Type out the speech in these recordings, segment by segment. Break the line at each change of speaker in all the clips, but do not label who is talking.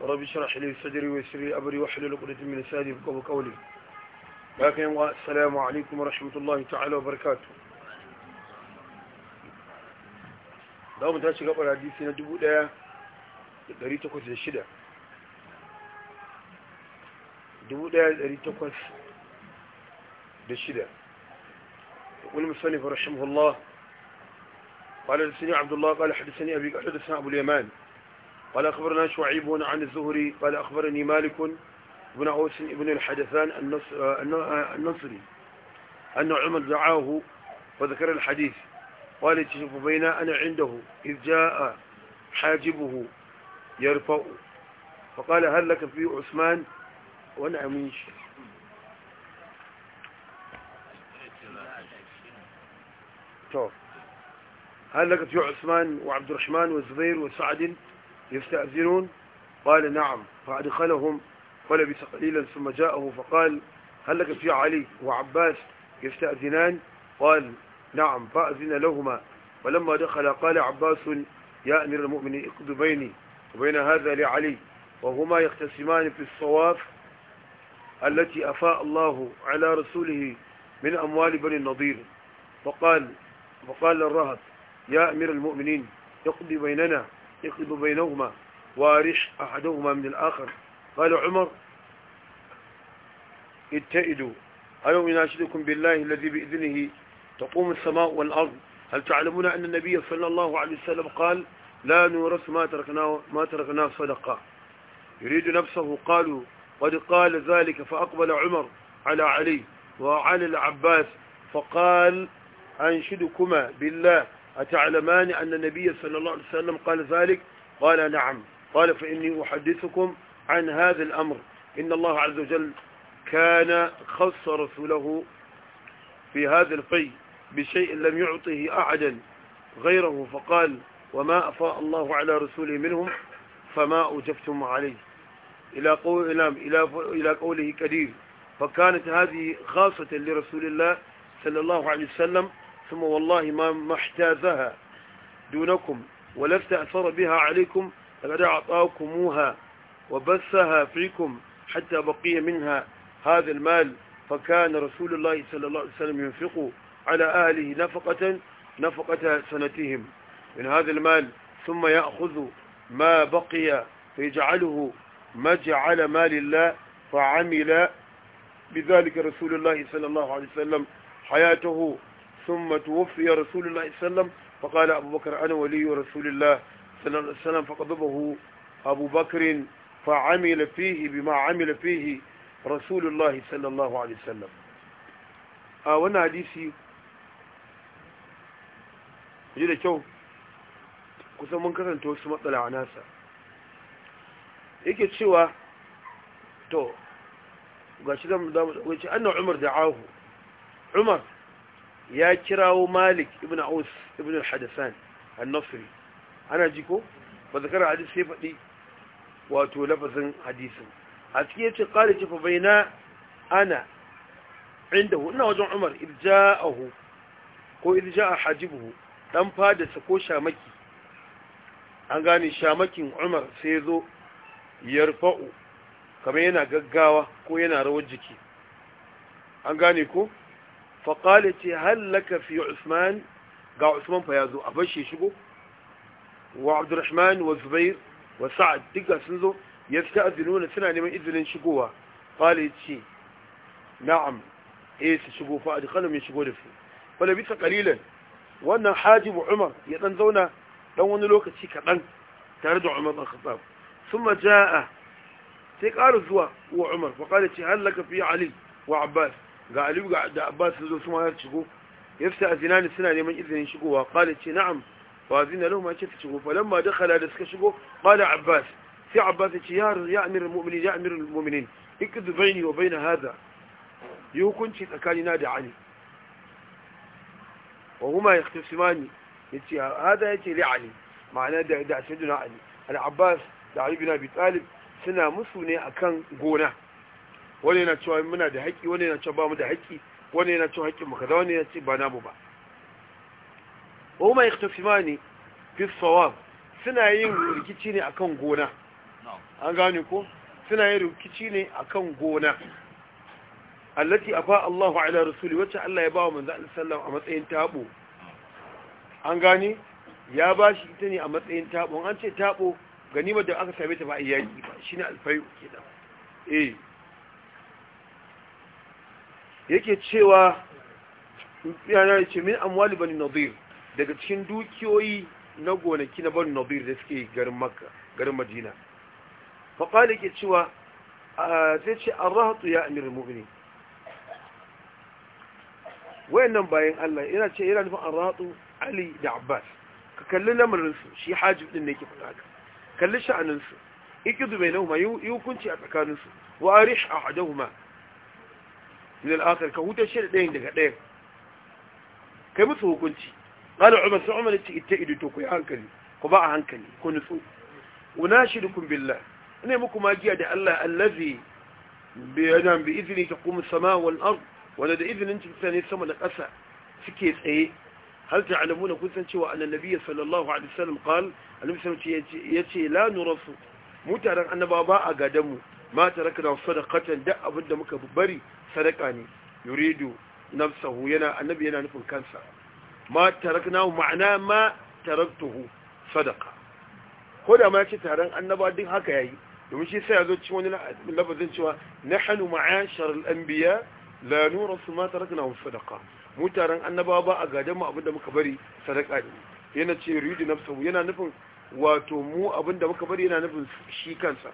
ورب اشرح لي صدري ويسر لي امري واحلل عقدة من لساني يفقهوا قولي لكن السلام عليكم ورحمة الله تعالى وبركاته دعوة تاشي قبل حديثنا دبو لا دري تقوس الشدة دبو لا دري تقوس الشدة يقول المصنف رحمه الله قال حدثني عبد الله قال حدثني أبي قال حدثنا أبو اليمان قال أخبرنا شعيب عن الزهري قال أخبرني مالك بن أوس بن الحدثان النصري أن عمر دعاه وذكر الحديث قال تشوف بين أنا عنده إذ جاء حاجبه يرفع فقال هل لك في عثمان ونعم طيب. هل لك في عثمان وعبد الرحمن والزبير وسعد يستأذنون قال نعم فأدخلهم ولبس قليلا ثم جاءه فقال هل لك في علي وعباس يستأذنان قال نعم فأذن لهما ولما دخل قال عباس يا أمير المؤمنين اقض بيني وبين هذا لعلي وهما يختصمان في الصواف التي أفاء الله على رسوله من أموال بني النضير فقال فقال الرهب يا أمير المؤمنين اقضي بيننا يقلب بينهما وارش أحدهما من الآخر قال عمر اتئدوا ألم يناشدكم بالله الذي بإذنه تقوم السماء والأرض هل تعلمون أن النبي صلى الله عليه وسلم قال لا نورث ما تركناه ما تركناه صدقة يريد نفسه قالوا قد قال ذلك فأقبل عمر على علي وعلى العباس فقال أنشدكما بالله أتعلمان أن النبي صلى الله عليه وسلم قال ذلك قال نعم قال فإني أحدثكم عن هذا الأمر إن الله عز وجل كان خص رسوله في هذا القي بشيء لم يعطه أحدا غيره فقال وما أفاء الله على رسوله منهم فما أجفتم عليه إلى, قول إلى, إلى قوله كدير فكانت هذه خاصة لرسول الله صلى الله عليه وسلم ثم والله ما ما دونكم ولا استأثر بها عليكم لقد أعطاكموها وبثها فيكم حتى بقي منها هذا المال فكان رسول الله صلى الله عليه وسلم ينفق على أهله نفقة نفقة سنتهم من هذا المال ثم يأخذ ما بقي فيجعله مجعل مال الله فعمل بذلك رسول الله صلى الله عليه وسلم حياته ثم توفي رسول الله صلى عليه وسلم فقال أبو بكر أنا ولي رسول الله صلى الله عليه وسلم فقضبه أبو بكر فعمل فيه بما عمل فيه رسول الله صلى الله عليه وسلم وانا حديثي hadisi شو da من kusan mun kasance wasu matsala a nasa yake cewa to ga shi zama wace annan umar ya kirawo malik ibn aus ibn al-hadasan al nasri ana ji ko ba zakara hadisi sai faɗi wato lafazin hadisin a cikin yace qala ji fa baina ana inda hu ina wajen umar irja'ahu ko irja'a hajibuhu dan fada sa ko shamaki an gane shamakin umar sai zo yarfa'u kamar yana gaggawa ko yana rawar jiki an gane ko faƙali ce hallaka fi usman ga usman fa ya zo a bashe shigo wa abdurrahman wa zubair wa sa'ad duka sun zo ya fita azinuna suna neman izinin shigowa ƙali ce na'am E su shigo fa adkhalu min shigo da su wala bisa qalilan wannan haji umar ya ɗan zauna ɗan wani lokaci kaɗan tare da umar bin khattab thumma jaa sai ƙara zuwa wa umar fa qala ce hallaka fi ali wa abbas ga aliyu da abbas su zo su ma shigo yafta azinani suna neman izinin shigowa qala ce na'am wa azina lahu ma ce ta shigo falamma dakhala da suka shigo qala abbas sai abbas ce ya ya amir almu'minin ya amir almu'minin ikdu baini wa baina hadha yi hukunci tsakanina da ali wa huma yaktasimani yace hada yace li ali ma'ana da da sayyidina ali al-abbas da ali bin abi talib suna musu ne akan gona wani yana cewa muna da haƙƙi wani yana cewa ba mu da haƙƙi wani yana cewa haƙƙin mu kaza wani yana ce ba namu ba wa ma yaktasimani fi sawab suna yin rikici ne akan gona an gane ko suna yin rikici ne akan gona allati afa Allahu ala rasuli wacce Allah ya ba wa manzo sallallahu a matsayin tabo an gane ya ba shi ita ne a matsayin tabo an ce tabo ganimar da aka same ta ba iyaki ba shine alfayu kenan eh yake cewa yana ce min amwali bani nadir daga cikin dukiyoyi na gonaki na bani nadir da suke garin makka garin madina faƙali yake cewa zai ce an rahatu ya amir mu'mini wayannan bayan Allah yana ce yana nufin an rahatu ali da abbas ka kalli lamarinsu shi hajib din ne ke faɗa haka kalli sha'aninsu ikidu bai nahuma yi hukunci a tsakaninsu wa arish a min al-akhir ka hutar shi da kai musu hukunci qala umar sai umar yace ittaidu to ku yi hankali ku ba a hankali ku nutsu unashidukum billah ina muku magiya da Allah allazi bi yadan da idnin tsani sama na ƙasa suke tsaye هل تعلمون كنت سنتوا أن النبي صلى الله عليه وسلم قال النبي صلى الله عليه وسلم يتي لا نرف مترك أن بابا أقدمه ما تركنا صدقة دع أبدا مكبري sadaka ne yuridu nafsahu yana annabi yana nufin kansa ma taraknahu ma'ana ma taraktuhu sadaka ko da ma yace taron annaba duk haka yayi domin shi sai ya cikin wani lafazin cewa nahnu ma'ashar al-anbiya la nurasu ma mu taron annaba ba a gadan mu abinda muka bari sadaka ne yana ce yuridu nafsahu yana nufin wato mu abinda muka bari yana nufin shi kansa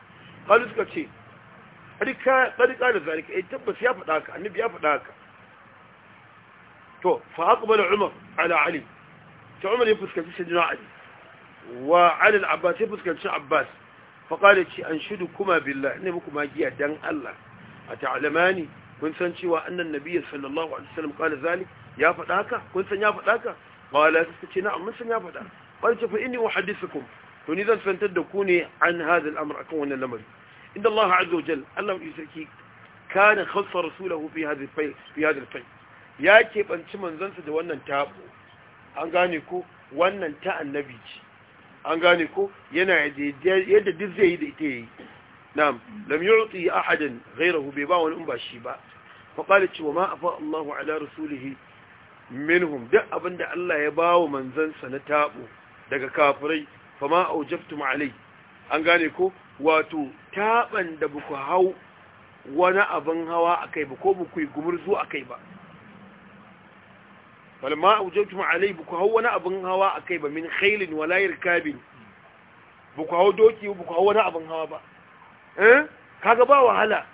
qalu suka ce tsarika da zarika ya eh, tabbas ya faɗa ka annabi ya faɗa ka to fa aqbala umar ala ali ta umar ya fuskanci sayyidina ali wa ala al-abbas ya fuskanci abbas fa qala ci anshidukuma billah ne muku magiya dan Allah a ta'lamani kun san cewa annan nabiyyi sallallahu alaihi wasallam qala zalik ya faɗa ka kun san ya faɗa ka qala suka ce na'am mun san ya faɗa qala fa inni uhaddithukum to ni zan santar da ku ne an hadha al-amr akan wannan lamari inda Allah azza wa jal Allah mai sarki kana khassa rasulahu fi hadhihi fay ya ke banci manzansa da wannan tabo an gane ko wannan ta annabi ce an gane ko yana yadda duk zai yi da ita yayi na'am lam yu'ti ahadan ghayrahu bai ba wani umba shi ba fa qala cewa ma afa Allahu ala rasulihi minhum duk abinda Allah ya bawo manzansa na tabo daga kafirai fa ma aujabtum alai an gane ko wato taɓan da buku hau wani abin hawa a kai ba ko buku yi gumurzu a kai ba falma tuma alai buku hau wani abin hawa a kai ba min khailin walayar kabin buku hau doki buku hau wani abin hawa ba eh kaga ba wahala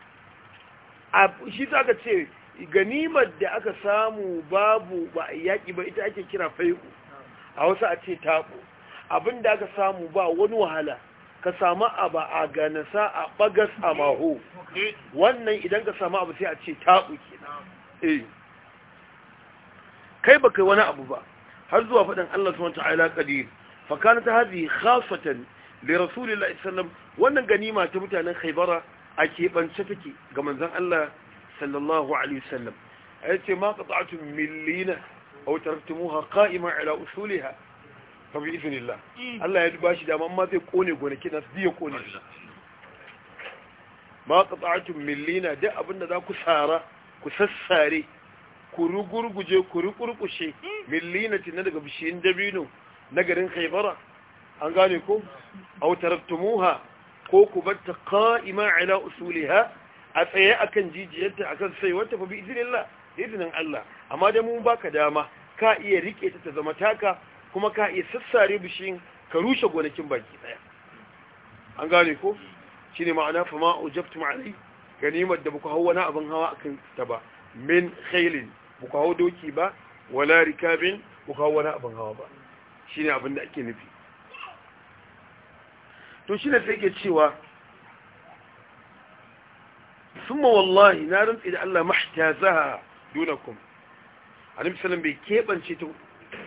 shi za ka ce ganimar da aka samu babu ba a yaƙi ba ita ake kira faiku a wasu a ce taɓo abin da aka samu ba wani wahala ka samu abu a ganasa a bagas a maho wannan idan ka samu abu sai a ce ta'u kenan eh. kai baka wani abu ba har zuwa faɗin Allah subhanahu wa ta'ala qadir fa kanat hadhihi khafatan li rasulillahi wannan ganima ta mutanen Khaybara a keɓance take ga manzon Allah sallallahu alaihi wasallam ayace ma qata'tum millina aw taraktumuha qa'iman ala usuliha fa bi mm. Allah ya duba shi da amma zai kone gonaki na zai kone ma qata'atum millina da abinda za ku sara ku sassare ku rugurguje ku rukurkushe mm. millina tin daga bishiyin dabino na garin Khaybara an gane ku. aw taraktumuha ko ku batta qa'ima ala usuliha a tsaye akan jijiyarta akan sai wata fa bi iznillah idinin Allah amma da mun baka dama ka iya rike ta zama taka kuma ka iya sassare bishin ka rushe gonakin baki daya an gane ko shi ne ma'ana fama ujabtu ma'alai ganimar da buka hau wani abin hawa akan ta ba min khailin buka hau doki ba wala rikabin buka hau wani abin hawa ba shi ne abin da ake nufi to shi ne sai ke cewa summa wallahi na rantsi da Allah mahtazaha dunakum annabi sallallahu alaihi wasallam bai kebance ta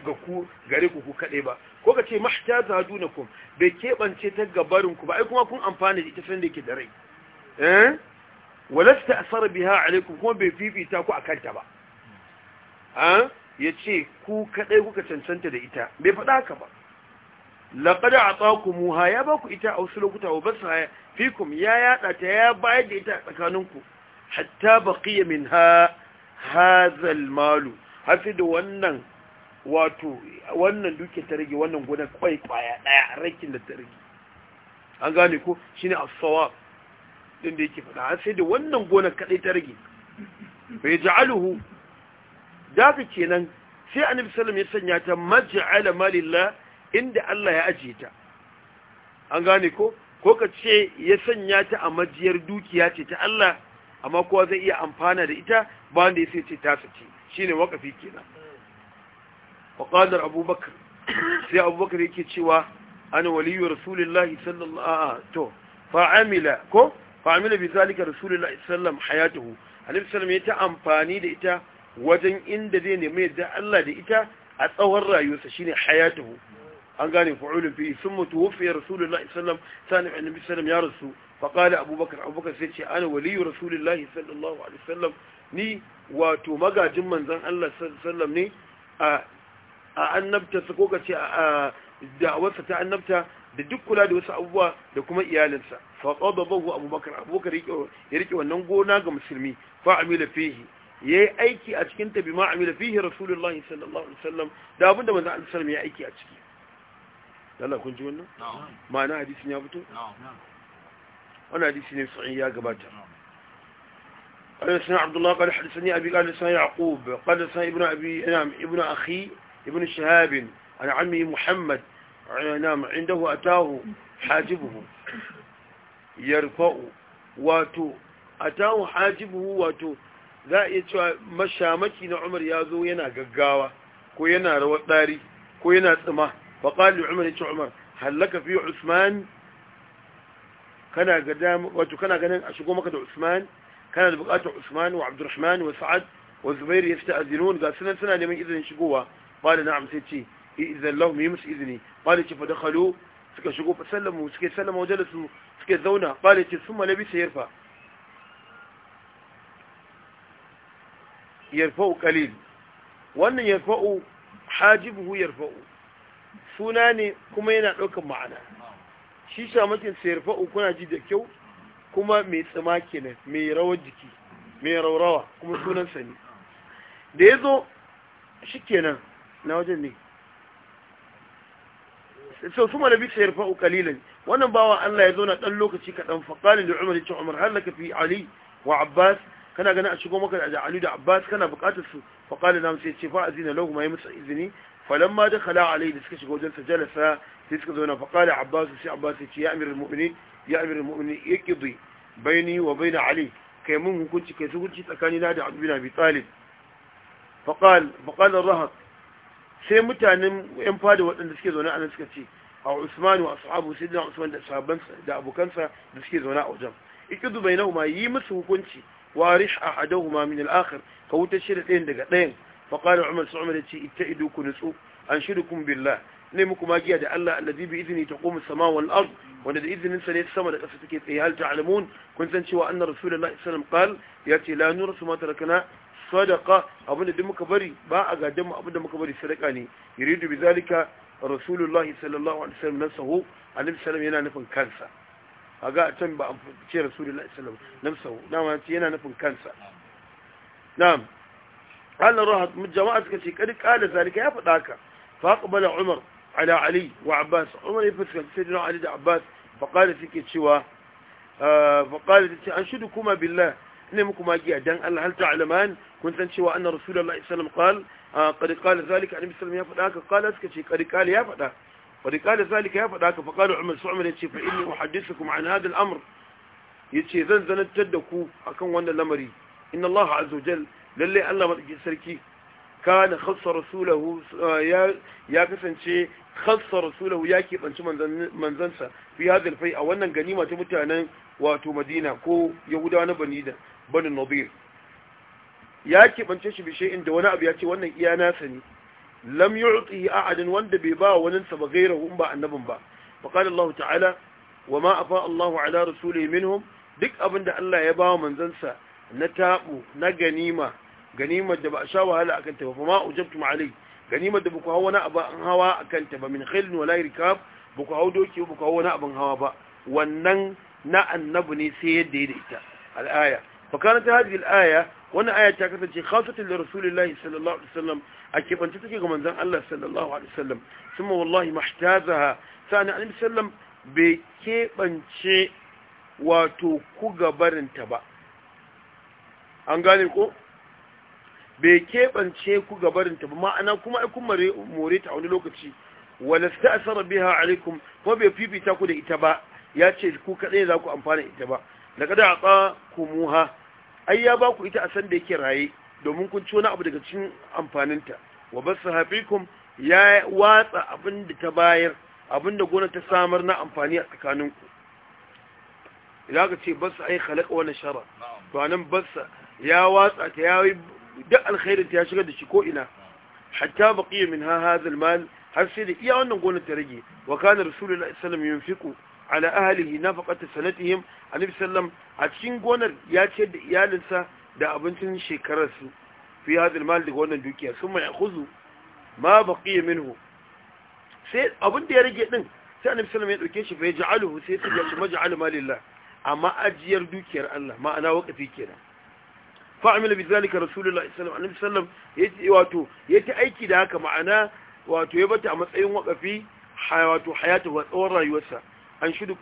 ga ku gare ku ku kaɗai ba ko ka ce mahta ta dunakum bai keɓance ta gabarin ku ba ai kuma kun amfana da ita san da yake da rai eh walasta asara biha alaikum kuma bai fifita ku akan ta ba ah? ya yace ku kaɗai kuka cancanta da ita bai faɗa ka ba a laqad muha ya baku ita a wasu lokuta wa basa fikum ya yada ta ya bayar da ita tsakaninku hatta baqiya minha hadha almalu har sai da wannan wato wannan duke ta rage wannan gudan kwai kwaya daya rakin da ta rage an gane ko shine as-sawab din da yake fada sai da wannan gonar kadai ta rage fa yaj'aluhu daga kenan sai annabi sallallahu ya sanya ta maj'ala malillah inda Allah ya ajiye ta an gane ko ko ka ce ya sanya ta a majiyar dukiya ce ta Allah amma kowa zai iya amfana da ita ba wanda ya sai ce ta sace shine wakafi kenan faƙadar abubakar sai abubakar yake cewa ana waliyu rasulullahi sallallahu to fa'amila ko fa'amila bi zalika rasulullahi sallam hayatuhu alaihi sallam ya ta amfani da ita wajen inda zai nemi yadda Allah da ita a tsawon rayuwarsa shine hayatuhu an gane fa'ulun fi sun mutu wufiya rasulullahi sallam sani annabi sallam ya rasu faƙada abubakar abubakar sai ce ana waliyu rasulullahi sallallahu alaihi sallam ni wato magajin manzan Allah sallam ne a a annabta su ko ka ce a da'awarsa ta annabta da duk kula da wasu abubuwa da kuma iyalinsa fa qada bahu abubakar abubakar ya rike wannan gona ga musulmi fa amila fihi yayi aiki a cikin ta bima amila fihi rasulullahi sallallahu alaihi wasallam da abinda manzo Allah sallallahu ya aiki a ciki Allah kun ji wannan ma'ana hadisin ya fito wannan hadisi ne sahih ya gabata قال سنا عبد الله قال حدثني ابي قال سنا يعقوب قال سنا ابن ابي نعم ابن اخي ابن شهاب عن عمه محمد نعم عنده أتاه حاجبه yarfa'u wato a tawo hajibuhu wato za a iya cewa mashamaki na umar ya zo yana gaggawa ko yana rawar ɗari ko yana tsima faƙali umar ya ce umar hallaka fi usman kana ganin a shigo maka da usman kana da buƙatar usman wa abdurrahman wa sa'ad wa zubairu ya fita azinun ga suna neman izinin shigowa qala na'am sai ce idan lahum yi musu izini qala ce fa dakhalu shigo fa sallamu suke sallama wa jalasu suke zauna qala ce summa labisa yarfa yarfa'u qalil wannan yarfa'u hajibuhu yarfa'u suna ne kuma yana ɗaukar ma'ana shi shamakin sai yarfa'u kuna ji da kyau kuma mai tsima kenan mai rawar jiki mai raurawa kuma sunansa ne da ya zo shi kenan na wajen ne sau su malabi sai rufa'u kalilan wannan bawa Allah ya zo na dan lokaci kadan kaɗan faƙali da umar ya umar har laka fi ali wa abbas kana gani a shigo maka da ali da abbas kana buƙatar su faƙali na sai ce fa azina lahu ma yi musu izini falamma da khala alai da suka shiga wajen sa jalasa sai suka zauna faƙali abbas sai abbas ya ce ya amir al-mu'minin ya amir al-mu'minin yaqdi baini wa baina ali kai mun hukunci kai su hukunci tsakanina da abdul bin abi talib faqal faqal ar-rahab sai mutanen yan fada waɗanda suke zaune a nan suka ce a usman wa ashabu sai da usman da sahabban da abokansa da suke zaune a wajen ikidu ma yi musu hukunci warish ahaduhuma min al-akhir ka wuta shi da ɗayan daga ɗayan fa qala umar su umar ce ittaidu ku nutsu an shirkum billah ne muku magiya da Allah allazi bi idni taqumu koma sama wal ard wanda da izinin sa ne sama da ƙasa take tsaye hal ta'lamun kun san cewa anna rasulullahi sallallahu alaihi wasallam qal ya ce la nurasu ma tarakna sadaqa abinda duk muka bari ba a gajen mu abinda muka bari sadaka ne yuridu bi zalika rasulullahi sallallahu alaihi wasallam nasahu annabi sallam yana nufin kansa kaga a can ba a ce rasulullahi sallallahu alaihi wasallam nasahu ce yana nufin kansa na'am Allah rahat jama'a suka ce kad kada zalika ya fada haka fa aqbala umar ala ali wa abbas umar ya fuskanci sayyidina ali da abbas fa qala suke cewa ah, fa qala tace an shudu kuma billah ne muku magiya dan Allah hal ta'laman kun san cewa anna rasulullahi sallallahu alaihi wasallam qal ah, qad qala zalika annabi sallallahu alaihi wasallam ya faɗa ka qala suka ce qad qala ya faɗa qad qala zalika ya faɗa ka fa qala umar su'man yace fa inni uhaddithukum an hadha al-amr yace zan zanantar da ku akan wannan lamari inna Allah azza wajal lalle Allah madaki sarki kana khassa rasulahu ah, ya ya kasance khassa rasulahu ya kebanci manzansa fi hadha fai a wannan ganima ta mutanen wato Madina ko Yahudawa na Bani bani nadir ya kibance shi bishe inda wani abu ya ce wannan iya nasa ne lam yu'tihi ahadin wanda bai ba wani sa ba gairahu ba annabin ba fa qala Allah ta'ala wa ma afa Allah ala rasulihi minhum duk abinda Allah ya ba manzansa na tabu na ganima ganima da ba a sha wahala akan ta ba ma ujabtum alai ganima da buku hawa wani abu an hawa akan ta ba min khiln wala rikab buku hawa doki buku hawa wani abin hawa ba wannan na annabi ne sai yadda ya da ita al'aya fakaranta ta al-aya wani aya ta kasance khasatan da rasulillahi sallallahu alaihi wasallam a kebance take ga manzan Allah sallallahu alaihi wasallam kuma wallahi mahtazaha sani annabi sallam bai kebance wato ku gabarinta ba an gane ko bai kebance ku gabarinta ba ma'ana kuma ai kun more ta a wani lokaci wala sta'sara biha alaikum ko bai fifita ku da ita ba ya ce ku kadai za ku amfana ita ba da laqad kumuha ai ya ba ku ita a san da yake raye domin kun ciwo na abu daga cikin amfaninta wa basaha fikum ya watsa abin da ta bayar abin da gona ta samar na amfani a tsakaninku idan ka ce basu ai khalaqa wa nashara to anan basa ya watsa ta yayi duk alkhairin ta ya shiga da shi ko ina hatta baqiya min ha hadha almal har sai da iya wannan gona ta rage wa kana rasulullahi sallallahu alaihi wasallam yunfiqu ala ahlihi nafaqata sanatihim annabi sallam a cikin gonar ya ce da iyalinsa da abincin shekararsu, su fi hadal mal daga wannan dukiya sun mai khuzu ma baqiya minhu sai abin da ya rage din sai annabi sallam ya dauke shi fa yaj'aluhu sai gashi ce maj'al malillah amma ajiyar dukiyar Allah ma'ana waqafi kenan fa'amil bi zalika rasulullahi sallallahu alaihi wasallam yace wato yace aiki da haka ma'ana wato ya bata a matsayin waqafi wato hayatu wa tsawon rayuwarsa an shudu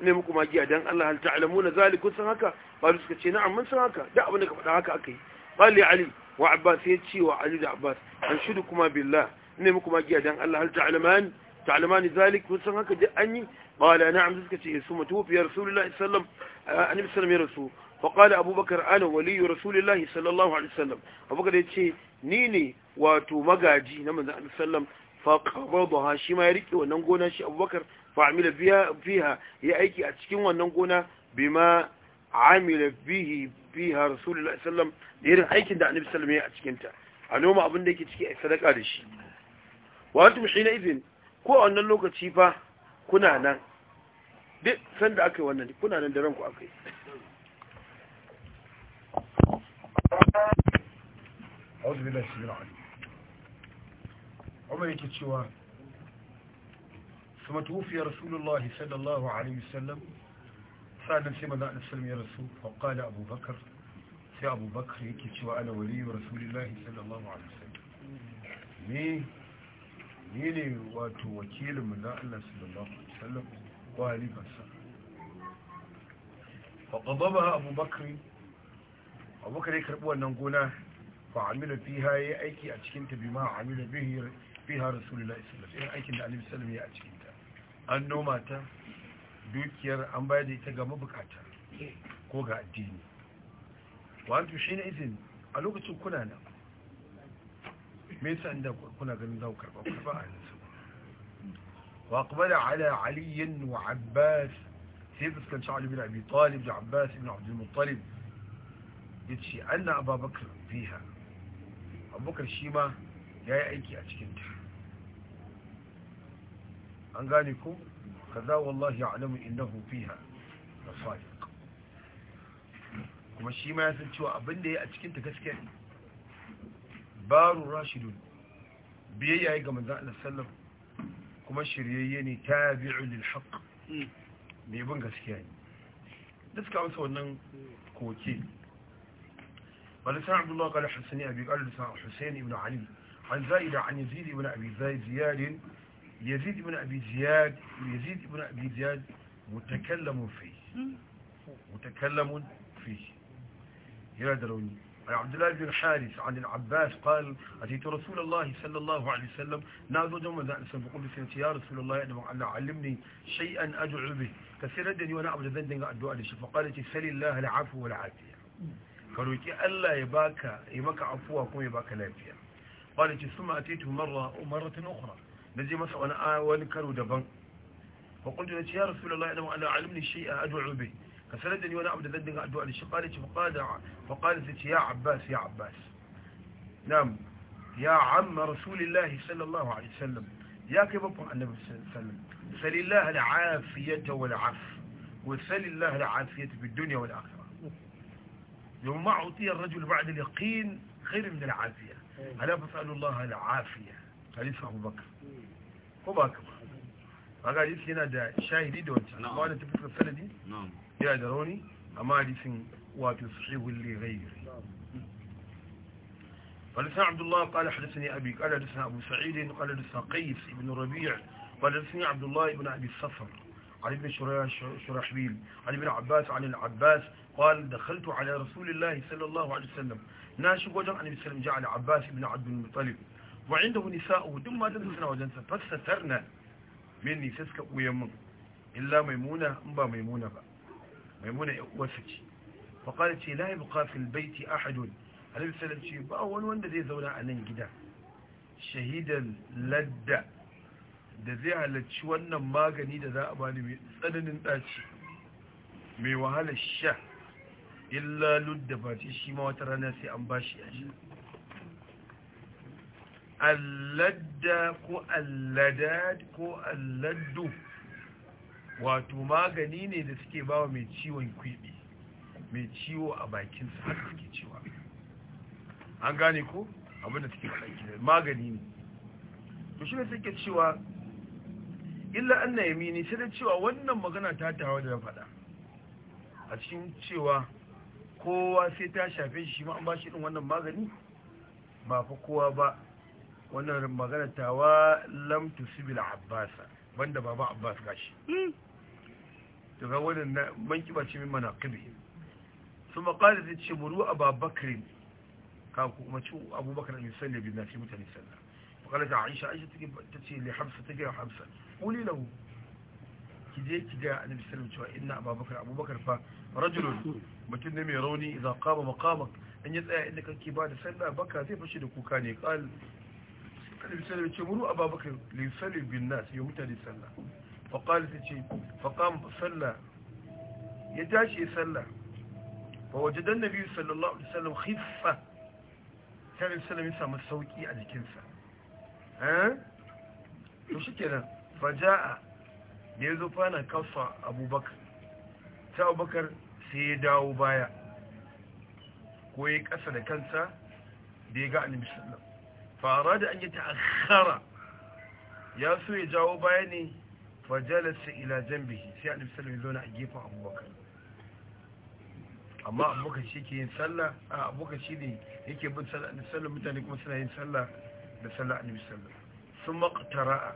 ne muku magiya don Allah hal ta'alamu na san haka ƙalu suka ce na'am mun san haka da abin da ka faɗa haka aka yi ƙali ali wa abbas ya ce wa ali da abbas an shudu kuma billah ne muku magiya don Allah hal ta'alaman ta'alaman zalik kun san haka duk an yi ƙala na'am suka ce su mutu fiye rasulullahi sallam eh, annabi sallam ya rasu فقال أبو بكر أنا ولي رسول الله صلى الله عليه وسلم أبو بكر يتشي نيني واتو مقاجي نمزة عليه shi ma ya يريك wannan gona shi Abubakar. fa'amila fiha ya aiki a cikin wannan gona bima amila bihi fiha rasulullahi sallam da irin aikin da annabi sallam ya a cikin a noma abin da yake ciki a sadaka da shi wa antum na idin ko a wannan lokaci fa kuna nan duk da aka yi wannan kuna nan da ranku aka yi ثم توفي رسول الله صلى الله عليه وسلم sa'adun sai maza alisalmi ya rasu faƙa da abubakar sai abubakar yake cewa ana wali wa rasulillahi sallallahu alaihi wasallam ne ne wato wakilin maza allah sallallahu alaihi wasallam wa halifarsa faƙaɓa ba abubakar abubakar ya karɓi wannan gona fa amina fiha ya yi aiki a cikinta bi ma amina biha rasulillahi sallallahu alaihi wasallam aikin da an noma ta dukiyar an bayar da ita ga mabukata ko ga addini wato shi ne izin a lokacin kuna nan mai yasa inda kuna ganin za ku karɓa ba a yanzu wa da ala ali wa abbas sai fuskanci alibin bin abi talib da abbas ibn abdul muttalib yace anna ababakar fiha abubakar shi ma ya yi aiki a cikin ta an gane ko kaza wallahi ya'lamu innahu fiha sadiq kuma shi ma ya san cewa abin da ya a cikin ta gaskiya ne baru rashidun biyayya ga manzo Allah sallallahu kuma shiryayye ne tabi'u lil haqq ne bin gaskiya ne duka wasu wannan koke wani san abdullahi qala hasani abi qala san husayn ibn ali an zaida an yazid ibn abi zaid ziyad يزيد بن أبي زياد يزيد بن أبي زياد متكلم فيه متكلم فيه يا دروني عبد الله بن حارث عن العباس قال أتيت رسول الله صلى الله عليه وسلم نادو دوما ذا أنسان بقول يا رسول الله أنا علمني شيئا أدعو به فسردني وأنا أعبد ذنبا الدعاء لشي فقالت سل الله العفو والعافية قالوا كرويتي ألا يباك يباك عفوك كم يباك لافية قالت ثم أتيته مرة ومرة أخرى نجي مسا وانا وانا كانوا دبن فقلت لك يا رسول الله انا وانا علمني شيء ادعو به فسردني وانا عبد ذن ادعو على الشقال فقال فقال يا عباس يا عباس نعم يا عم رسول الله صلى الله عليه وسلم يا كيف ابو النبي صلى الله عليه وسلم سل الله العافية والعف وسل الله العافية في الدنيا والآخرة يوم ما أعطي الرجل بعد اليقين خير من العافية الا فسال الله العافية خليفة أبو بكر ko ba ka ba yana da shahidi da wancan amma yana da rauni amma hadisin wato li عبد الله قال حدثني أبي قال حدثنا أبو سعيد قال حدثنا قيس بن ربيع قال حدثني عبد الله بن أبي الصفر عن ابن شرحبيل عن ابن عباس عن العباس قال دخلت على رسول الله صلى الله عليه وسلم ناشق وجر عن ابن سلم جعل عباس بن عبد المطلب wa inda wani sa'o duk matan da suna wajensa fassatar na min nisa suka ɓuyan min illa maimuna in ba maimuna ba maimuna ya ce faƙar ce la buƙafin baiti ahadun alaihi salam ce ba wani wanda zai zauna a nan gida shahidan ladda da zai halarci wannan magani da za a bani mai tsananin ɗaci mai wahalar sha illa ludda ba ce shi ma wata rana sai an bashi ya sha alladda ko alladad ko alladdu wato magani ne da suke bawa mai ciwon kwibi mai ciwo a bakinsa haka suke cewa an gane ko abinda suke faɗa magani ne to shi ne suke cewa illa anna yamini sai da cewa wannan magana ta tawa da faɗa a cikin cewa kowa sai ta shafe shi ma an ba shi ɗin wannan magani ba fa kowa ba wannan magana tawa lam tusibil abbasa banda baba abbas gashi hmm. to ga wannan man kiba ce min manaqibi kuma qala zai ce muru ababakr ka kuma ci abubakar ne sallallahu alaihi wasallam mutane sallah qala ta aisha aisha take ce li hamsa take hamsa quli lahu kije kiga annabi sallallahu alaihi wasallam cewa inna abubakar abubakar fa rajulun mutum ne mai rauni idan qama maqamak in ya tsaya inda kake ba da sallah baka zai fashi da kuka ne qal alaihi wasallam ce muru ababakar li yusalli bin nas ya mutane sallah fa qala ta ce fa qam sallah ya tashi ya sallah fa wajada annabi sallallahu alaihi wasallam khiffa sai sallam ya samu sauki a jikinsa eh to shikenan fa jaa da yazo fa na kafa abubakar ta abubakar sai ya dawo baya ko ya ƙasa da kansa da ya ga annabi sallallahu fara da an yi ta'akara ya so ya jawo baya ne fajalasa ila jambihi sai annabi sallallahu alaihi na a gefen abubakar amma abubakar shi ke yin sallah a abubakar shi ne yake bin sallah mutane kuma suna yin sallah da sallah annabi sallah sun maƙtara'a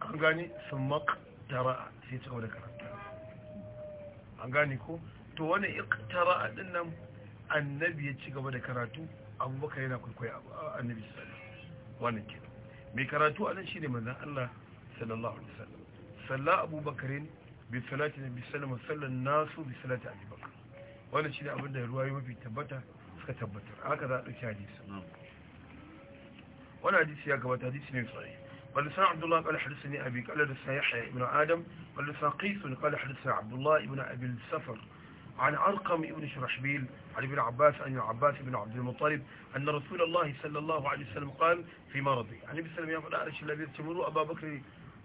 an gane sun maƙtara'a sai tsawo da karanta an gane ko to wani iktara'a din nan annabi ya ci gaba da karatu abubakar yana kwaikwaya annabi wannan ke mai karatu a nan shi ne manzan Allah sallallahu alaihi wasallam salla abubakarin bi salati na bi sallama sallan nasu bi salati abubakar wannan shi ne abinda ruwa yi mafi tabbata suka tabbatar haka za a ɗauki hadisi wani hadisi ya gabata hadisi ne tsaye قال لسان عبد الله قال حدثني أبي قال لسان يحيى بن آدم قال لسان قال حدثنا عبد الله بن أبي السفر عن عرقم ابن شرحبيل عن ابن عباس عن عباس بن عبد المطلب أن رسول الله صلى الله عليه وسلم قال في مرضي عن ابن سلم يقول أعرش الذي يتمروا أبا بكر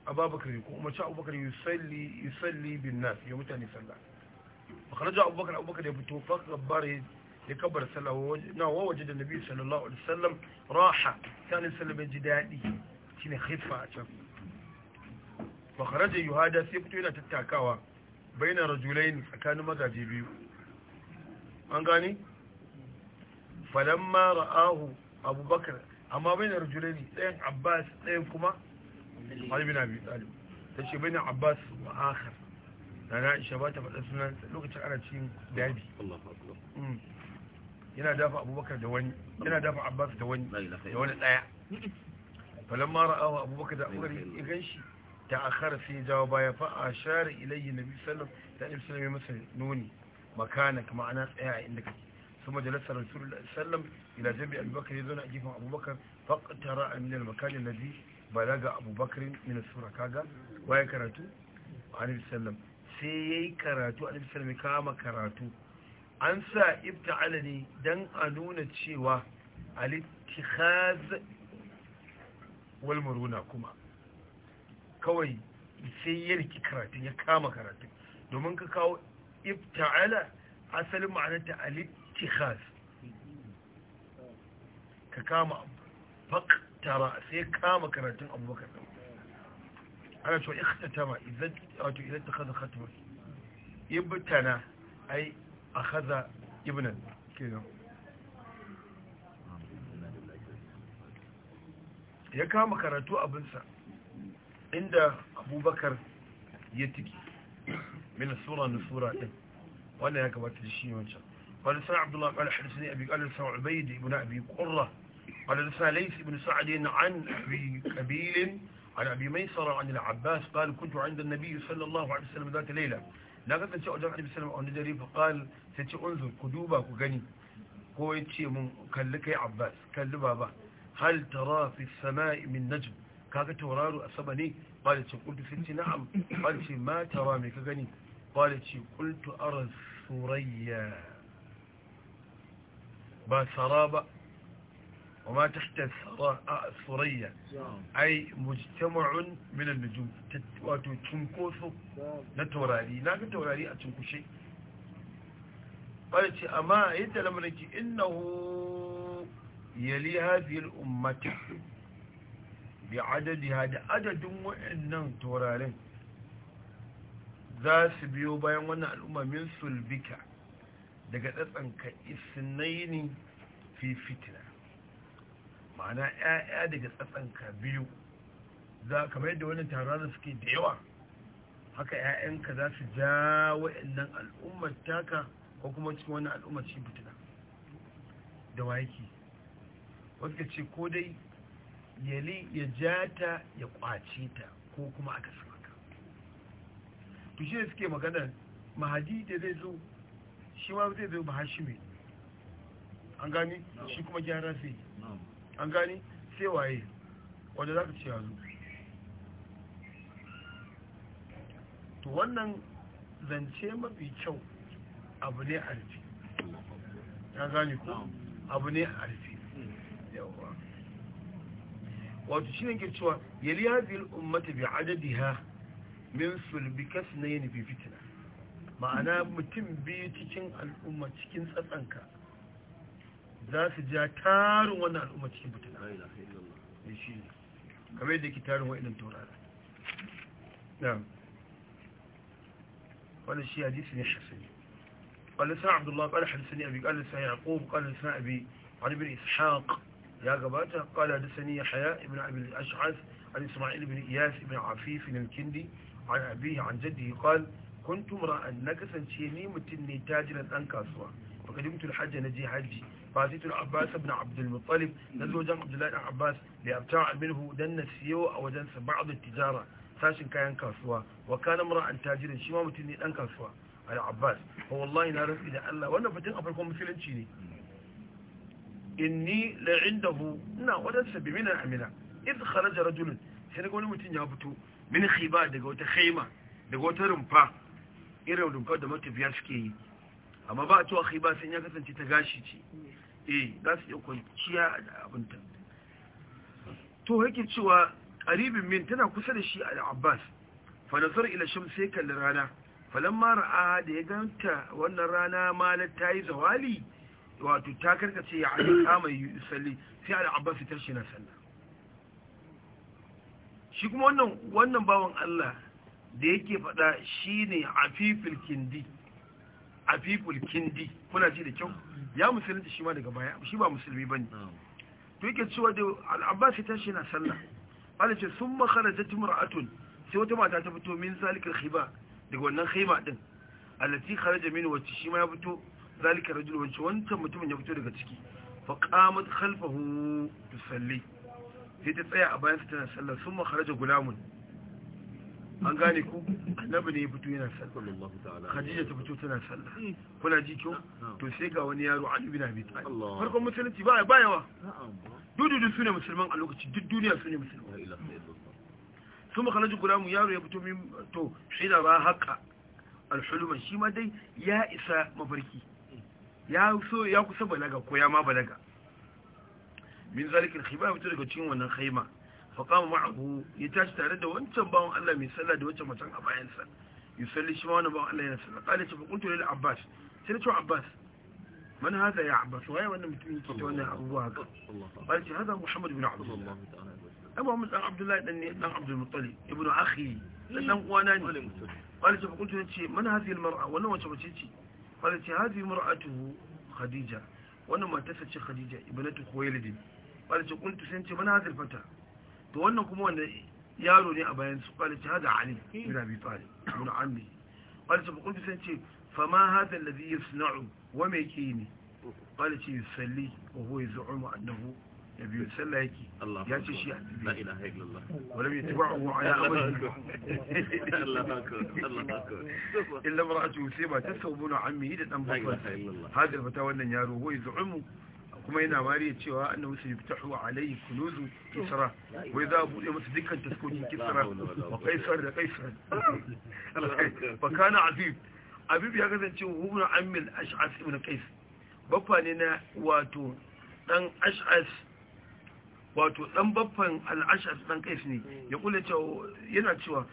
أبا بكر ومشاء أبو بكر يصلي يصلي بالناس يوم تاني صلى فخرج أبو بكر أبو بكر يبتو فقبره يكبر الصلاة نعم، ووجد النبي صلى الله عليه وسلم راحة كان يسلم جدادي شنو خفة فخرج يهادى سيبتو إلى تتاكاوى baina rajulaini tsakanin mazaje biyu an gani mara ahu abubakar amma baina rajulaini ɗayan abbas ɗayan kuma halibin abi talib ta ce baina abbas wa akhar na na isha ba ta faɗa sunan lokacin ana cin daji mm. yana dafa abubakar da wani yana dafa abbas da wani da wani ɗaya falamma ra'ahu abubakar da abubakar ya gan shi ta akhar sai jawo baya fa share ilayhi nabi sallallahu alaihi wasallam ya masa nuni makana ma'ana ana tsaya a inda kake ثم جلس رسول الله sallam ila Abubakar ya بكر يزون اجيفن Abubakar. بكر فاقترا من المكان الذي بلغ ابو بكر من السوره كاغا waye karatu alaihi sallam sai yayi karatu alaihi sallam kama karatu an sa ibta'ala ne dan a nuna cewa al-ittikhaz wal muruna kuma kawai sai ya riki karatun ya kama karatun domin ka kawo ibta'ala asalin ma'anarta al-ittikhaz ka kama faqtara sai kama karatun abubakar ana cewa ikhtatama idan wato idan ta kaza khatma ibtana ai akhadha ibnan kenan ya kama karatu abinsa inda abubakar ya tiki min sura na din wannan ya kamata da shi wancan قال سنة عبد الله قال حدثني أبي قال سنة عبيد ابن أبي قرة قال سنة ليس بن سعد عن أبي mai عن أبي ميسر عن العباس قال كنت عند النبي sallallahu alaihi عليه وسلم ذات ليلة na kasance wajen annabi sallallahu alaihi wasallam a wani ta ce unzur ku duba ku gani ko ya ce mun kalli kai abbas kalli baba hal tara fi samai min najm kaga tauraro a sama ne qala ce qultu sai na'am qala ce ma tara me ka gani qala ce qultu ara surayya ba sara ba وما تحت الثريا أي مجتمع من النجوم تنكوث نتوراري لا توراري أتنكوشي قالت أما يتلمنك إنه يلي هذه الأمة bi adadiha da adadin wa'annan taurarin za su biyo bayan wannan al'umma min sulbika daga tsatsanka isnaini fi fitina ma'ana 'ya'ya daga ka biyu za kamar yadda wannan tararin suke da yawa haka 'ya'yanka za su ja wa'annan al'ummar taka ko kuma cikin wannan al'ummar ci fitna da wa wanda ce ko dai Yali ya ja ta ya kwace ta ko kuma aka haka to shi ne suke magana mahadi da zai zo shi ma zai zo mai an gani shi kuma gyara sai an gani sai waye wanda za ka ce ya zo to wannan zance mafi kyau abu ne a rufi ya gani ko abu ne a rufi hmm. wato shine ke cewa yali hadhihi al-ummati bi adadiha min sulbi kasnayn fi fitna ma'ana mutum biyu cikin al'umma cikin tsatsanka za su ja tarin wannan al'umma cikin fitina da eh, shi ne kamar yadda ke tarin wa'ilin taurara na wani shi hadisi ne shasani قال لسان عبد الله قال حدثني أبي قال لسان يعقوب قال لسان أبي عن ابن إسحاق ya gabata kala da sani ya haya ibn abin ash'as an isma'il ibn iyas ibn afifin al-kindi an abi a jaddi ya kwan kuntumura an na kasance ne mutum ne tajiran dan kasuwa ba ka dimtul hajji na je hajji ba sai tun abbas ibn abdul mutalib na zo jan abdullahi dan abbas da ya fita abin hu dan na siyo a wajensa ba abin tijara sashin kayan kasuwa wa kana mura an tajirin shi ma mutum ne dan kasuwa al-abbas wa wallahi na rasu da allah wannan fatin a farkon musulunci ne inni la indahu ina wadansa bi mina amina iz kharaja rajulun sai ga wani mutum ya fito min khiba daga wata khaima daga wata rumfa irin rumfa da matafiya suke yi amma ba a cewa khiba sai ya kasance ta gashi ce eh za su iya kwanciya da abinta to yake cewa karibin min tana kusa da shi a abbas fa nazar ila shams sai kalli rana falamma ra'a da ya ganta wannan rana malar yi zawali wato ta karkace ya ali kama yi salli sai al abbas ta shi na sallah shi kuma wannan wannan bawan Allah da yake fada shine afiful kindi afiful kindi kuna ji da kyau ya musulunci shi ma daga baya shi ba musulmi ba ne to yake cewa da al abbas ta shi na sallah wanda ce sun makarajat atun sai wata mata ta fito min zalikar khiba daga wannan khiba din allati kharaja min wacce shi ma ya fito zalika rajul wacce wancan mutumin ya fito daga ciki fa qamat khalfahu tusalli sai ta tsaya a bayan tana sallah sun an gane ku annabi ne ya fito yana sallah khadija ta fito tana sallah hmm. kuna ji kyau to sai ga wani yaro Ali bin Abi Talib farkon musulunci ba ba yawa dudu musulman a lokacin duk duniya su musulman sun kharaja gulamun yaro ya fito min to shi da ba haka alhulman shi ma dai ya isa mafarki ya so ya kusa balaga ko ya ma balaga min zalikil khiba mutu daga cikin wannan khaima fa qama ma'ahu ya tashi tare da wancan bawon Allah mai sallah da wancan mutan a bayan sa yusalli shi ma wannan bawon Allah yana sallah qala fa qultu lil abbas sai na ce abbas man hada ya abbas waye wannan mutum yake ta wannan abubuwa haka qala shi hada muhammad ibn abdullah abu muhammad dan abdullah dan ne dan abdul muttalib ibnu akhi dan uwana ne qala fa qultu ce man hadhihi al mar'a wannan wace mace ce falace hazi mar'atuhu khadija wannan matarsa ce khadija ibnatu khuwaylid falace kuntu san ce bana hazal fata to wannan kuma wanda yaro ne a bayan su falace hada ali ibn abi talib ibn ammi falace kuntu san ce fama hada alladhi yasna'u wa ma yake ne falace yusalli wa huwa yaz'umu annahu da biyu sallah yake ya ce shi la ilaha illallah wala bi tabu'u ala abadi Allahu akbar Allahu akbar illa mar'atu sai ba ta saubuna ammi da dan babban hadal fata wannan yaro wai zu'umu kuma yana mariya cewa an na annahu a alayhi kunuzu kisara wai za a buɗe masa dukkan taskokin kisara wa kaisar da kaisar fa kana abib abib ya kasance hubun ammil ash'as ibn kais baffa ne na wato dan ash'as wato dan baffan al'ashar dan kais ne hmm. ya kula cewa yana cewa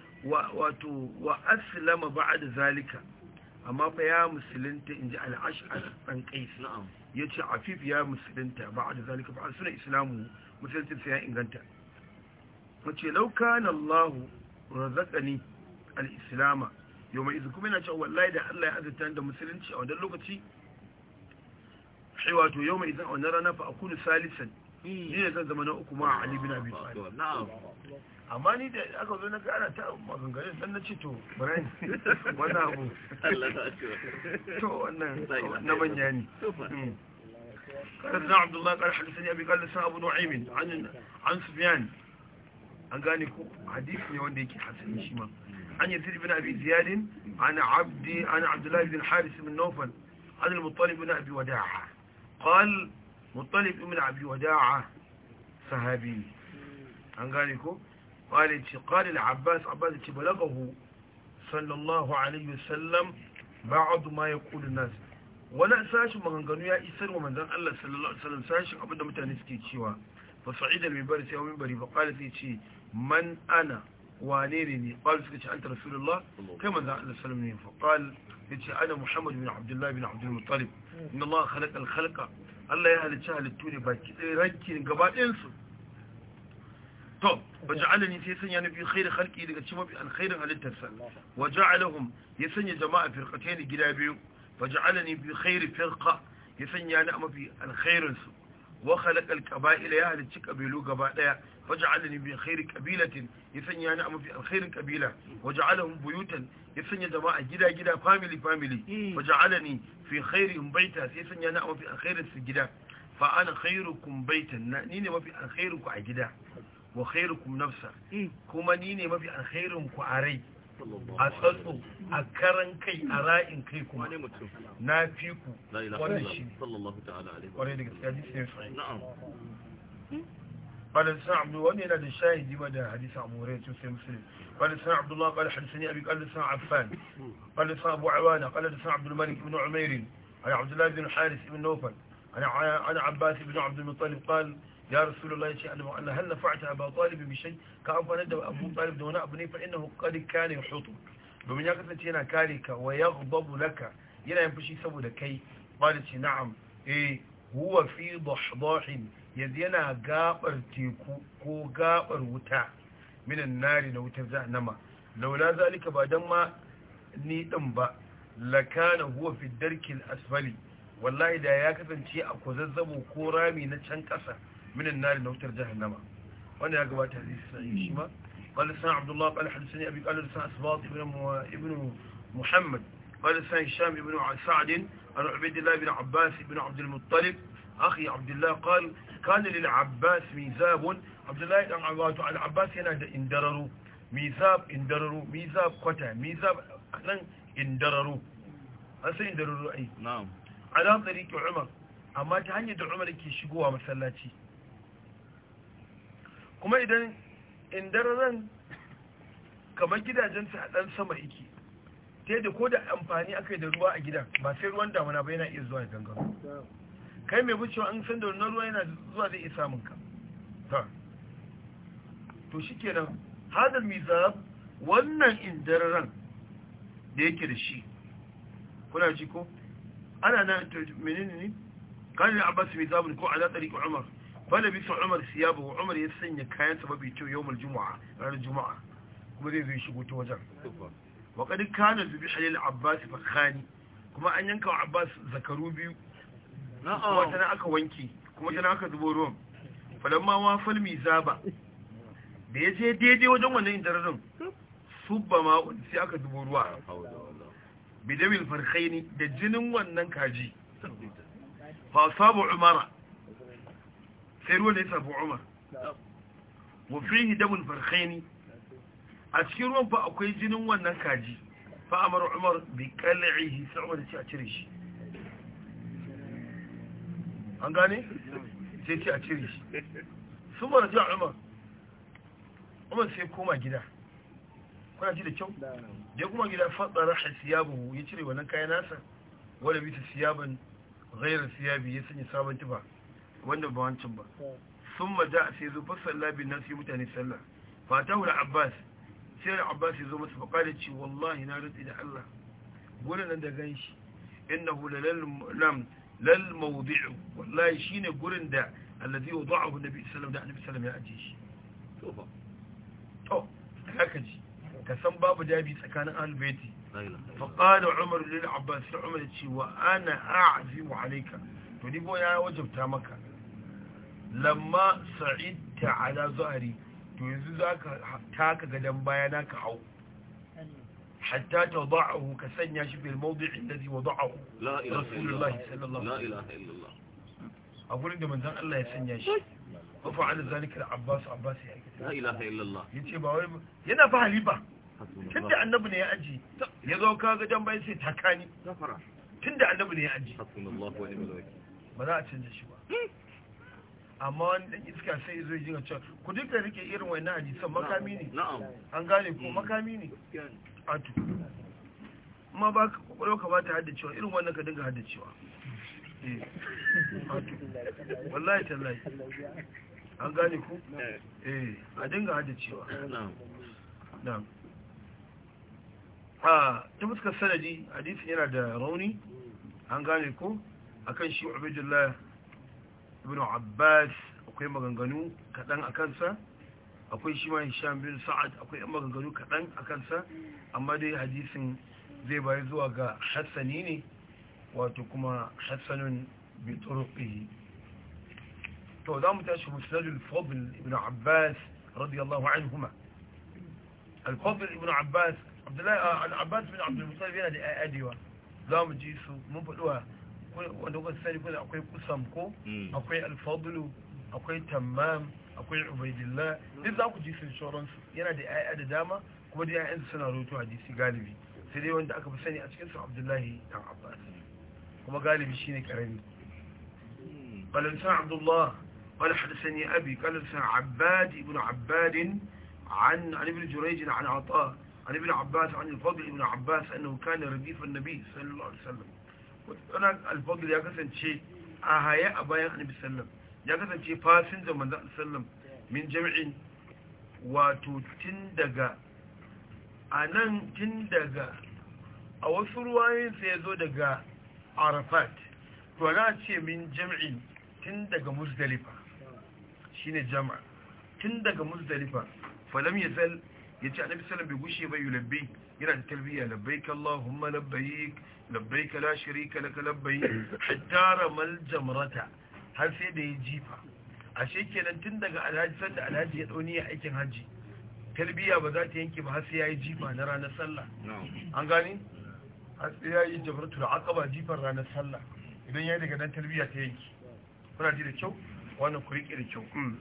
wato wa aslama ba'da zalika amma fa ya musulunta inji al'ashar dan kais na'am yace afif ya musulunta ba'da zalika ba suna islamu musulunta sai ya inganta wace law kana Allah razaqani al-islama yau idan kuma yana cewa wallahi da Allah ya azurta da musulunci a wannan lokaci sai wato yau idan a wannan rana fa akunu salisan Hmm. ni ne zan zama na uku ma Ali bin Abi Talib amma ni da aka zo na ga ta maganganun dan na ci to Brian abu to wannan na manya ne قال عبد الله قال حدثني ابي قال لسان ابو نعيم عن عن سفيان an gane ko hadisi ne wanda yake hasani shi an yi tirbi na abi ziyadin an bin haris bin nawfal an al-muttalib bin abi muttalib ibn abi wada'a sahabi an gane ko qala ci qala al-abbas abbas ci balagahu sallallahu alaihi wasallam ba'd ma yaqulu nas wani sashin maganganu ya isar wa manzon Allah sallallahu alaihi wasallam sashin abinda mutane suke cewa fa sa'id al-minbar sai min bari fa qala sai ce man ana wane ne ne qala suka ce anta rasulullah kai manzon Allah sallallahu alaihi wasallam ne fa qala yace ana muhammad bin abdullah bin abdul muttalib inna Allah khalaqa al-khalqa Allah ya halicci halittu ne baki ɗaya ranki gaba ɗinsu to ba ja'alani sai sanya na biyu khairu halki daga cikin mafi alkhairun halittarsa wa ja'alahum ya sanya jama'a ni gida biyu fa ja'alani bi khairi firka ya sanya ni a mafi alkhairunsu su wa khalaqa al ya halicci kabilu gaba ɗaya faj'alni bi khairi qabilatin ya sanya ni a mafi alkhairin kabila waj'alhum buyutan ya sanya jama'a gida gida family family hmm. waj'alni fi khairihim baita sai sanya ni a mafi alkhairin su gida fa ana khairukum baitan ni ne mafi alkhairin ku a gida wa khairukum nafsa hmm. kuma ni ne mafi alkhairin ku a rai a tsatso a karan kai a ra'in kai kuma na fi ku wannan shi ne kwarai da gaskiya jisun na'am hmm? قال لسان عبد الوهاب ينادى الشاهد يبدا حديث ابو هريره في مسلم قال لسان عبد الله قال حدثني ابي قال لسان عفان قال لسان ابو عوانه قال لسان عبد الملك بن عمير عن عبد الله بن الحارث بن نوفل عن عباس بن عبد المطلب قال ya rasulullahi ce annabi Allah hal nafa'ta da abu talib da wani abu ne fa innahu qad kana yuhutu domin ya kasance yana kare ka wa laka yana yin fushi saboda kai ce huwa yanzu yana gabar teku ko gabar wuta minan nari na wutar jahannama laula zalika ba dan ma ni din ba lakana huwa fi darkil asfali wallahi da ya kasance a kuzazzabo ko rami na can kasa minan nari na wutar jahannama wanda ya gabata hadisi sai shi ma قال سنة عبد الله قال حدثني أبي قال سنة أسباط ابن محمد قال سنة هشام بن سعد عن عبيد الله بن عباس بن عبد المطلب akhi abdullahi qal kana lil abbas mizab abdullahi dan wato al abbas yana da indararu mizab indararu mizab kwata mizab nan indararu an sai indararu ai na'am ala tariqi umar amma ta hanyar da umar yake shigowa masallaci kuma idan indararren kamar gidajen sa dan sama ta yadda ko da amfani aka yi da ruwa a gidan ba sai ruwan damuna ba yana iya zuwa gangan kai mai wucewa an san da wannan ruwa yana zuwa zai isa minka ka. to shi ke nan hadar mizab wannan indararen da yake da shi kuna ji ko ana na menene ne kan da abbas mizabun ko ala tsari umar fala bisa umar siyabu umar ya sanya kayan sababi kyau yawon juma'a ranar juma'a kuma zai zai shigo ta wajen wa kadin kana zubi halil abbas fakhani kuma an yanka wa abbas zakaru biyu kuma tana aka wanki kuma tana aka zubo ruwan falamma wa falmi zaba da ya je daidai wajen wannan indararren subba ma'un sai aka zubo ruwa bidawil farkaini da jinin wannan kaji fa sabu umara sai ruwan da ya sabu umar wafihi damun farkaini a cikin ruwan fa akwai jinin wannan kaji fa amara umar bi kal'ihi sai umar da ci a cire shi an gane sai ce a cire shi sun mara ji a umar umar sai koma gida kuna ji da kyau ya kuma gida fatsara a siyabu ya cire wannan kayan nasa wadda bita siyaban zairar siyabi ya sanya sabon tuba wanda ba wancan ba sun maja sai zo fasar labin nan sai mutane sallah fatahu da abbas sai da abbas ya zo masu faƙa da ce wallahi na rutsi da allah gudanar da gan shi innahu lamta lal mawdi'u wallahi shine gurin da alladhi wada'ahu nabi sallallahu da annabi ya aje shi to ba to haka ji ka san babu dabi tsakanin albayti fa qala umar lil abbas umar ce wa ana a'zimu alayka to ni bo ya wajabta maka lamma sa'idta ala zahri to yanzu zaka taka gadan na ka hau hatta tada'ahu ka sanya shi fil mawdi'i alladhi wada'ahu la ilaha illallah sallallahu la ilaha illallah a gurin da manzon Allah ya sanya shi wa fa'ala zalika al-abbas abbas ya yi la ilaha yana fa haliba tunda annabi ne ya aji ya zo ka ga dan bayan sai takani tunda annabi ne ya aji za a canza shi ba amma wani dan iska sai zai ji cewa ku duka rike irin wani na hadisan makami ne an gane ko mm. makami ne atu ma ba ka kwakwalwa ka ba ta haddacewa irin wannan ka dinga haddacewa eh. wallahi tallahi an gane ku eh. eh a dinga haddacewa na a ah, ta fuskar sanadi hadisi yana da rauni an gane ku akan shi ubaidullahi ibn abbas akwai maganganu kaɗan a kansa akwai shi ma hisham bin sa'ad akwai yan maganganu kaɗan a kansa amma dai hadisin zai bayi zuwa ga hassani ne wato kuma hassanun bi turuqihi to za mu tashi musnad al-fadl ibn abbas radiyallahu anhuma al-fadl ibn abbas abdullahi al-abbas bin abdul mutalib yana da ayyadiwa za mu ji su mun faɗuwa wani wasari kuna akwai kusam ko akwai alfadulu akwai tamam akwai ubaidillah duk za ku ji su shoransu yana da ya'ya da dama kuma da ya'yansu suna roto hadisi galibi sai dai wanda aka fi sani a cikinsu abdullahi dan abbas kuma galibi shine karami قال لسان عبد الله قال حدثني أبي قال لسان عباد بن عباد عن عن ابن جريج عن عطاء عن ابن عباس عن الفضل ابن عباس أنه كان رديف النبي صلى الله عليه وسلم wannan alfagir ya kasance a haye a bayan annabi sallam ya kasance fasin da manzan sallam min jami'in wato tun daga a nan tun daga a wasu ruwayensa ya zo daga arafat to na ce min jami'in tun daga musdalifa shine jama'a tun daga musdalifa falam ya zal ya ce annabi sallam bai gushe bai yi labbai yana da talbiya labbaik allahumma labbaik labbai ka la sharika laka labbai hatta ramal jamrata har sai da ya jifa ashe kenan tun daga alhaji sanda alhaji ya dauni ya aikin haji talbiya ba za ta yanke ba har sai ya yayi jifa na ranar sallah an gani har sai yayi jamratul ba jifar ranar sallah idan ya yi daga dan talbiya ta yanke kuna ji da kyau wannan ku rike da kyau mm.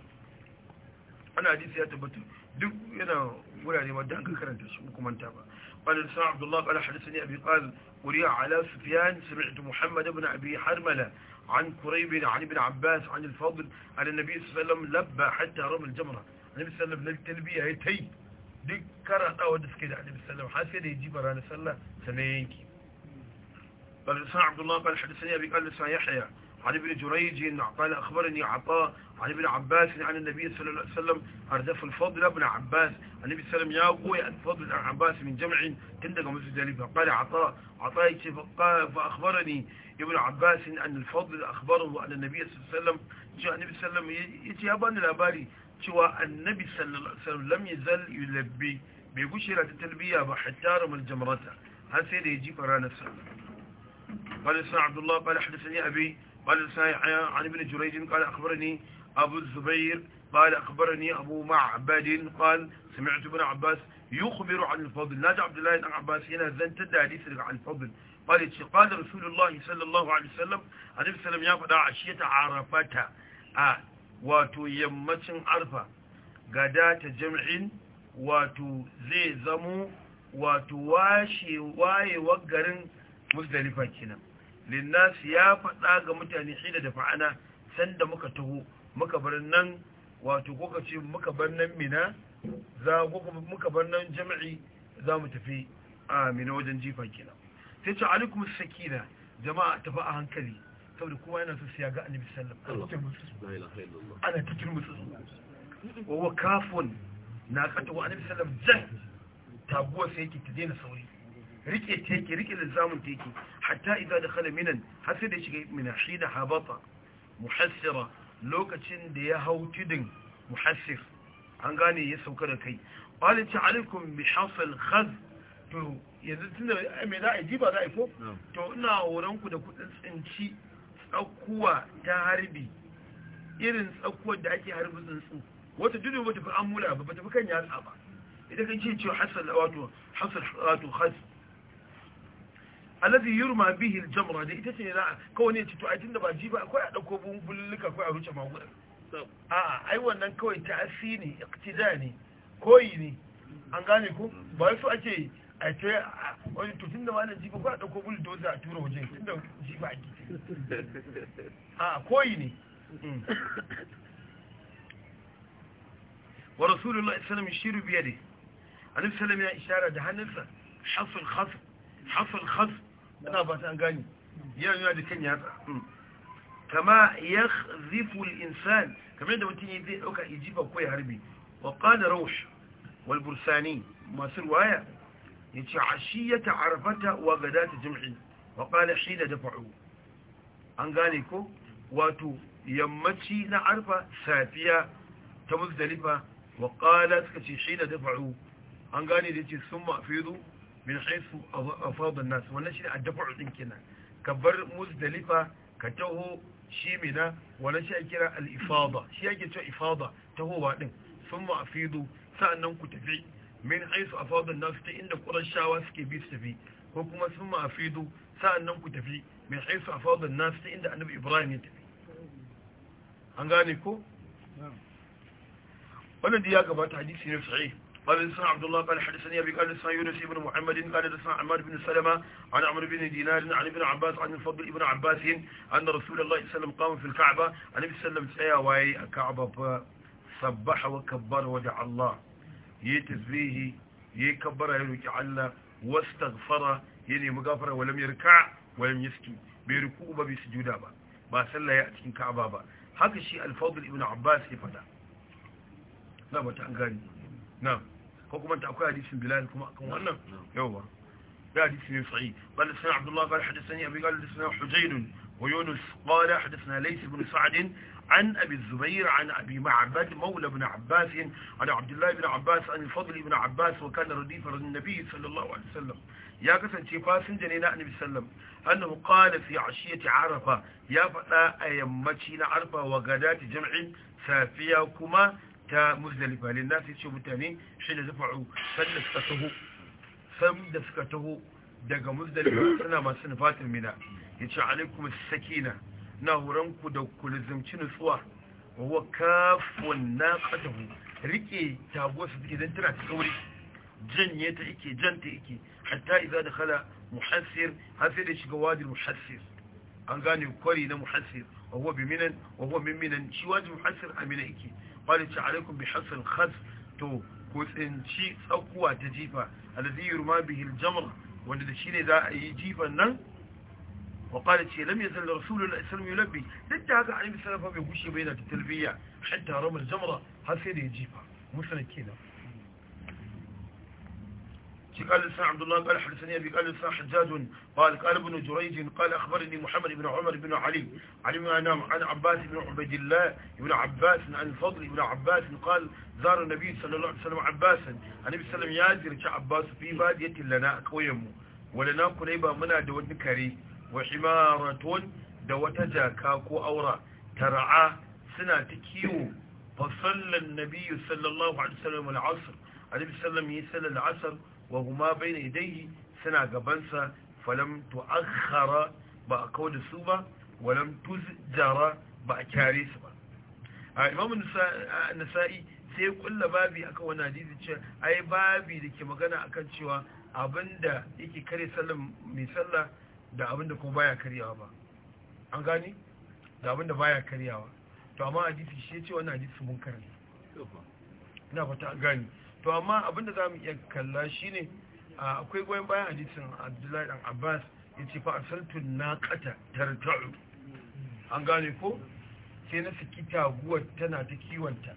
ana hadisi ya tabbata duk yana wurare ma da an karanta shi kuma ta ba قال سعد الله قال حدثني أبي قال قرئ على سفيان سمعت محمد بن أبي حرملة عن كريب عن ابن عباس عن الفضل عن النبي صلى الله عليه وسلم لبى حتى رمى الجمرة النبي صلى الله عليه وسلم للتلبية هي duk karaɗa wadda suke da annabi sallam har sai da ya jiba ranar sallah sannan yanki. قال san Abdullah قال hadisani abi qalla san Yahya عن ابن جريج قال أخبرني عطاء عن ابن عباس عن النبي صلى الله عليه وسلم أردف الفضل ابن عباس النبي صلى الله عليه وسلم يقوي الفضل ابن عباس من جمع كندق مسجد ليبها قال عطاء عطاء فأخبرني ابن عباس أن الفضل أخبره أن النبي صلى الله عليه وسلم جاء النبي صلى الله عليه وسلم يتيابا الأباري cewa النبي صلى الله عليه وسلم لم يزل يلبي بيقشرة التلبية talbiya من الجمرات هذا سيدي يجيب رانا da ya عبد الله قال حدثني أبي قال السائح عن ابن جريج قال أخبرني أبو الزبير قال أخبرني أبو معبد قال سمعت ابن عباس يخبر عن الفضل ناجى عبد الله بن عباس هنا زنت الحديث عن الفضل قال قال رسول الله صلى الله عليه وسلم النبي صلى الله عليه وسلم عشية عرفة wato yammacin arfa gada ta jam'in wato zai zamo wato washewar garin musdalifa kenan linnas ya faɗa ga mutane shida da dafa'ana sanda muka taho muka bar nan wato ko kace muka bar nan mina za ko muka bar nan jami'i za mu tafi a mina wajen jifa kenan sai ce alaikum sakina jama'a tafi a hankali saboda kowa yana so ya ga annabi sallallahu alaihi wasallam ana ta turmutsu wa wa kafun na katawa annabi sallallahu alaihi wasallam taguwa sai yake ta daina sauri rike teki rike da zamun teki hatta idan da khala minan har sai da shiga mina shi da habata muhassira lokacin da ya hau tudun muhassir an gane ya sauka da kai wani ta alaikum bi hafal khaz to yanzu tun da mai za a ji ba za a ko to ina horon ku da kudin tsinci tsakuwa ta harbi irin tsakuwar da ake harbi tsuntsu wata tudun ba ta fi an mula ba ba ta fi kan yatsa ba idan kan ce cewa hasal wato hasal wato khaz alladhi yurma bihi aljamra da ita ce za kawai ne ci to ai tunda ba ji ba akwai a dauko bullulluka akwai a ruce magudan a ai wannan kawai ta'asini iqtida ne koyi ne an gane ko ba su ake a ce wani to tunda wani jifa ko a dauko bulldozer a tura waje tunda jifa ake a koyi ne wa rasulullahi sallallahu alaihi wasallam yashiru biyadi annabi sallallahu alaihi wasallam ya ishara da hannunsa hasul khasf hasul khasf ina ba ta gani yawan yawa da kan yatsa hmm. kama ya zifu insan kamar da mutum zai ɗauka ijiba ko ya harbi wa ƙada raush wal bursani masu ruwaya ya ce ashiyata arfata wa gada ta jim'i wa ƙada shi da dafa'u an gane ko wato yammaci na arfa safiya ta muzdalifa wa ƙada suka ce shi da dafa'u an gane da ya ce sun mafiru min haisu afadun nas wannan shine addafu din kenan ka bar muzdalifa ka taho shi mina wannan shi ake kira al-ifada shi ake cewa ifada tahowa din thumma afidu sa'annan ku tafi min haisu afadun nasu ta inda qurashawa suke bi su tafi ko kuma thumma afidu sa'annan ku tafi min haisu afadun nasu ta inda annabi ibrahim ya tafi an gane ko wannan da ya gabata hadisi ne sahih قال لسان عبد الله قال حدثني أبي قال لسان يونس بن محمد قال لسان عمار بن سلمة عن عمرو بن دينار عن ابن عباس عن الفضل ابن عباس أن رسول الله صلى الله عليه وسلم قام في الكعبة أن النبي صلى الله عليه وسلم تسأيا واي الكعبة سبح وكبر ودع الله يتسبيه يكبر يرجع الله واستغفر يعني مغفر ولم يركع ولم يسجد بيركوع بسجودا با ba sallah ya a cikin ka'aba ba haka shi alfadul ibn abbas ya fada na mata an gani na ko kuma ta akwai hadisin bilal kuma kan wannan yawa ده حديث من صحيح قال حدثنا عبد الله قال حدثني أبي قال حدثنا حجين ويونس قال حدثنا ليس بن سعد عن أبي الزبير عن أبي معبد مولى بن عباس عن عبد الله بن عباس عن الفضل بن عباس وكان رديفا للنبي صلى الله عليه وسلم يا كسن تيفاس جنينا النبي صلى الله عليه وسلم أنه قال في عشية عرفة يا فتا أيمتين عرفة وقادات جمع سافيا كما ta muzdalifa lin nasu ce mutane shi da zafa'u suka taho suka taho daga muzdalifa suna masu nufatar mina ya ce alaikum sakina na horonku da kulzumci nutsuwa wa huwa kafun naqatahu rike tagosa idan tana ta sauri janye ta yake janta yake hatta idza dakhala muhassir har da shiga wadi muhassir an gane kwari na muhassir wa huwa bi minan wa huwa min shi muhassir amina قالت عليكم بحسن الخز تو كوسن شي سوكوا الذي يرمى به الجمر وندشين ذا يجيفا نن وقالت شي لم يزل رسول الله السلام يلبي لدى هذا عليم السلام فبيهوشي بينا التلبية حتى رمى الجمرة هسيني يجيفا مثلا كده قال لسان عبد الله قال حدثني أبي قال لسان حجاج قال قال ابن جريج قال أخبرني محمد بن عمر بن علي علم أنا عن عباس بن عبيد الله بن عباس عن الفضل بن عباس قال زار النبي صلى الله عليه وسلم عباسا النبي صلى الله عليه وسلم عباس في بادية لنا كويمه ولنا قريبا منا دون كري وحمارة دوتجاكا كو أورا ترعى سنة تكيو فصلى النبي صلى الله عليه وسلم العصر النبي صلى الله عليه وسلم يسلى العصر وهما بين يديه yadayhi suna gabansa تؤخر tu'akhkhara ba a تزجر su ba النسائي tuzjara ba a kyare su ba a imamu nasa'i sai kulla babi akan wani hadisi cewa ai babi da ke magana cewa abinda yake kare sallan mai sallah da abinda kuma baya karyawa ba an gani da abinda baya karyawa to amma hadisi shi ya ce hadisi mun ina fata gani to amma abinda za mu iya kalla shi ne, akwai goyon bayan hadisun abdullahi dan abbas ya ce fa'asaltun na ƙata tarjo’u an gane ko sai na saki taguwar tana ta kiwonta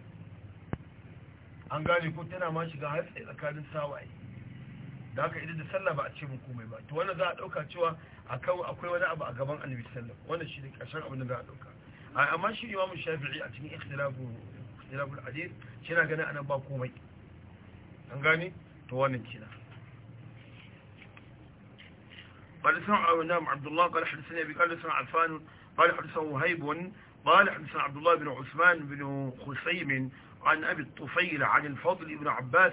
an gane ko tana ma shiga har tsaye tsakanin sawaye da aka idan da sallah ba a ce mu komai ba to wanda za a ɗauka cewa akwai wani abu a gaban annabi sallah wannan shi ne ƙarshen abin da za a ɗauka amma shi ne imamu shafi'i a cikin ikhtilafin hadith shi na ganin anan ba komai an to wannan kina قال سمع أبو نام عبد الله قال حدثني أبي قال سمع عفان قال حدثه وهيب قال حدثنا عبد الله بن عثمان بن خسيم عن أبي الطفيل عن الفضل بن عباس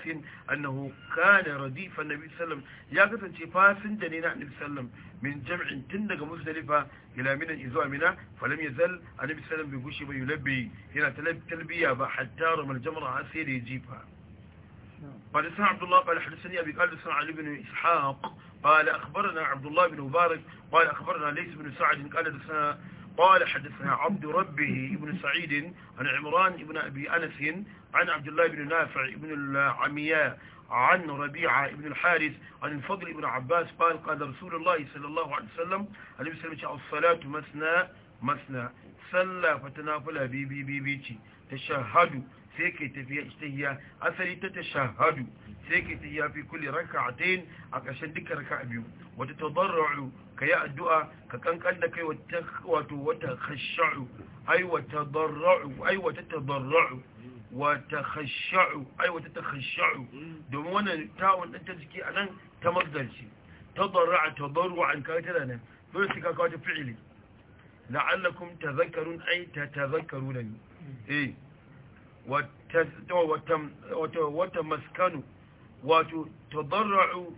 أنه كان رديف النبي صلى الله عليه وسلم يقف انتفاس دنينا النبي صلى الله عليه وسلم من جمع تندق مزدلفة إلى منى إزوى منى فلم يزل النبي صلى الله عليه وسلم بيقوش يلبي هنا تلبية حتى رمى الجمرة عسير يجيبها قال حدثنا عبد الله قال حدثني أبي قال حدثنا علي بن إسحاق قال أخبرنا عبد الله بن مبارك قال أخبرنا ليس بن سعد قال حدثنا قال حدثنا عبد ربه ابن سعيد عن عمران ابن أبي أنس عن عبد الله بن نافع ابن العمياء عن ربيعة ابن الحارث عن الفضل ابن عباس قال قال رسول الله صلى الله عليه وسلم عليه وسلم الصلاة مثنى مثنى صلى فتنافلها بي بي بي بي تشهدوا sai ke tafiya tahiyya asali ta tashahhadu sai kai tahiyya fi kulli rak'atayn a ƙarshen dukkan raka'a biyu wata tadarru kai addu'a ka kankan da kai wata wato wata khashshu ai wata tadarru ai wata tadarru wata khashshu ai wata takhashshu domin wannan ta'un din ta jiki anan ta masdar ce tadarra tadarru an kai tana nan dole sai ka kawo ta fi'ili la'allakum tadhakkarun ai tatadhakkaruna eh wata wato ta وتضرعوا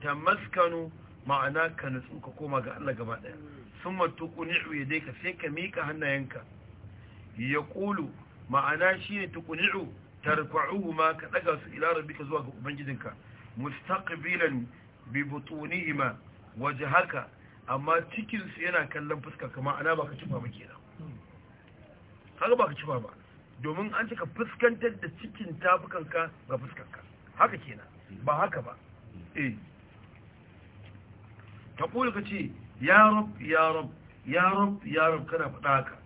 ta maskanu ma'ana ka nutsu ka koma ga Allah gaba ɗaya sun matuku ni'u ya dai ka sai ka miƙa hannayenka ya ƙulu ma'ana shi ne tuku ni'u rikwa'u ma ka ɗaga su ila ka zuwa ga ubangijinka mustaqbilan bi waje haka amma cikinsu yana kallon fuska kama ana baka tufa ba kenan kaga baka kifa ba domin an cika fuskantar da cikin tafukanka ga fuskanka haka kenan ba haka ba eh ta kula ka ce ya rab ya rab ya rab ya rab kana faɗa haka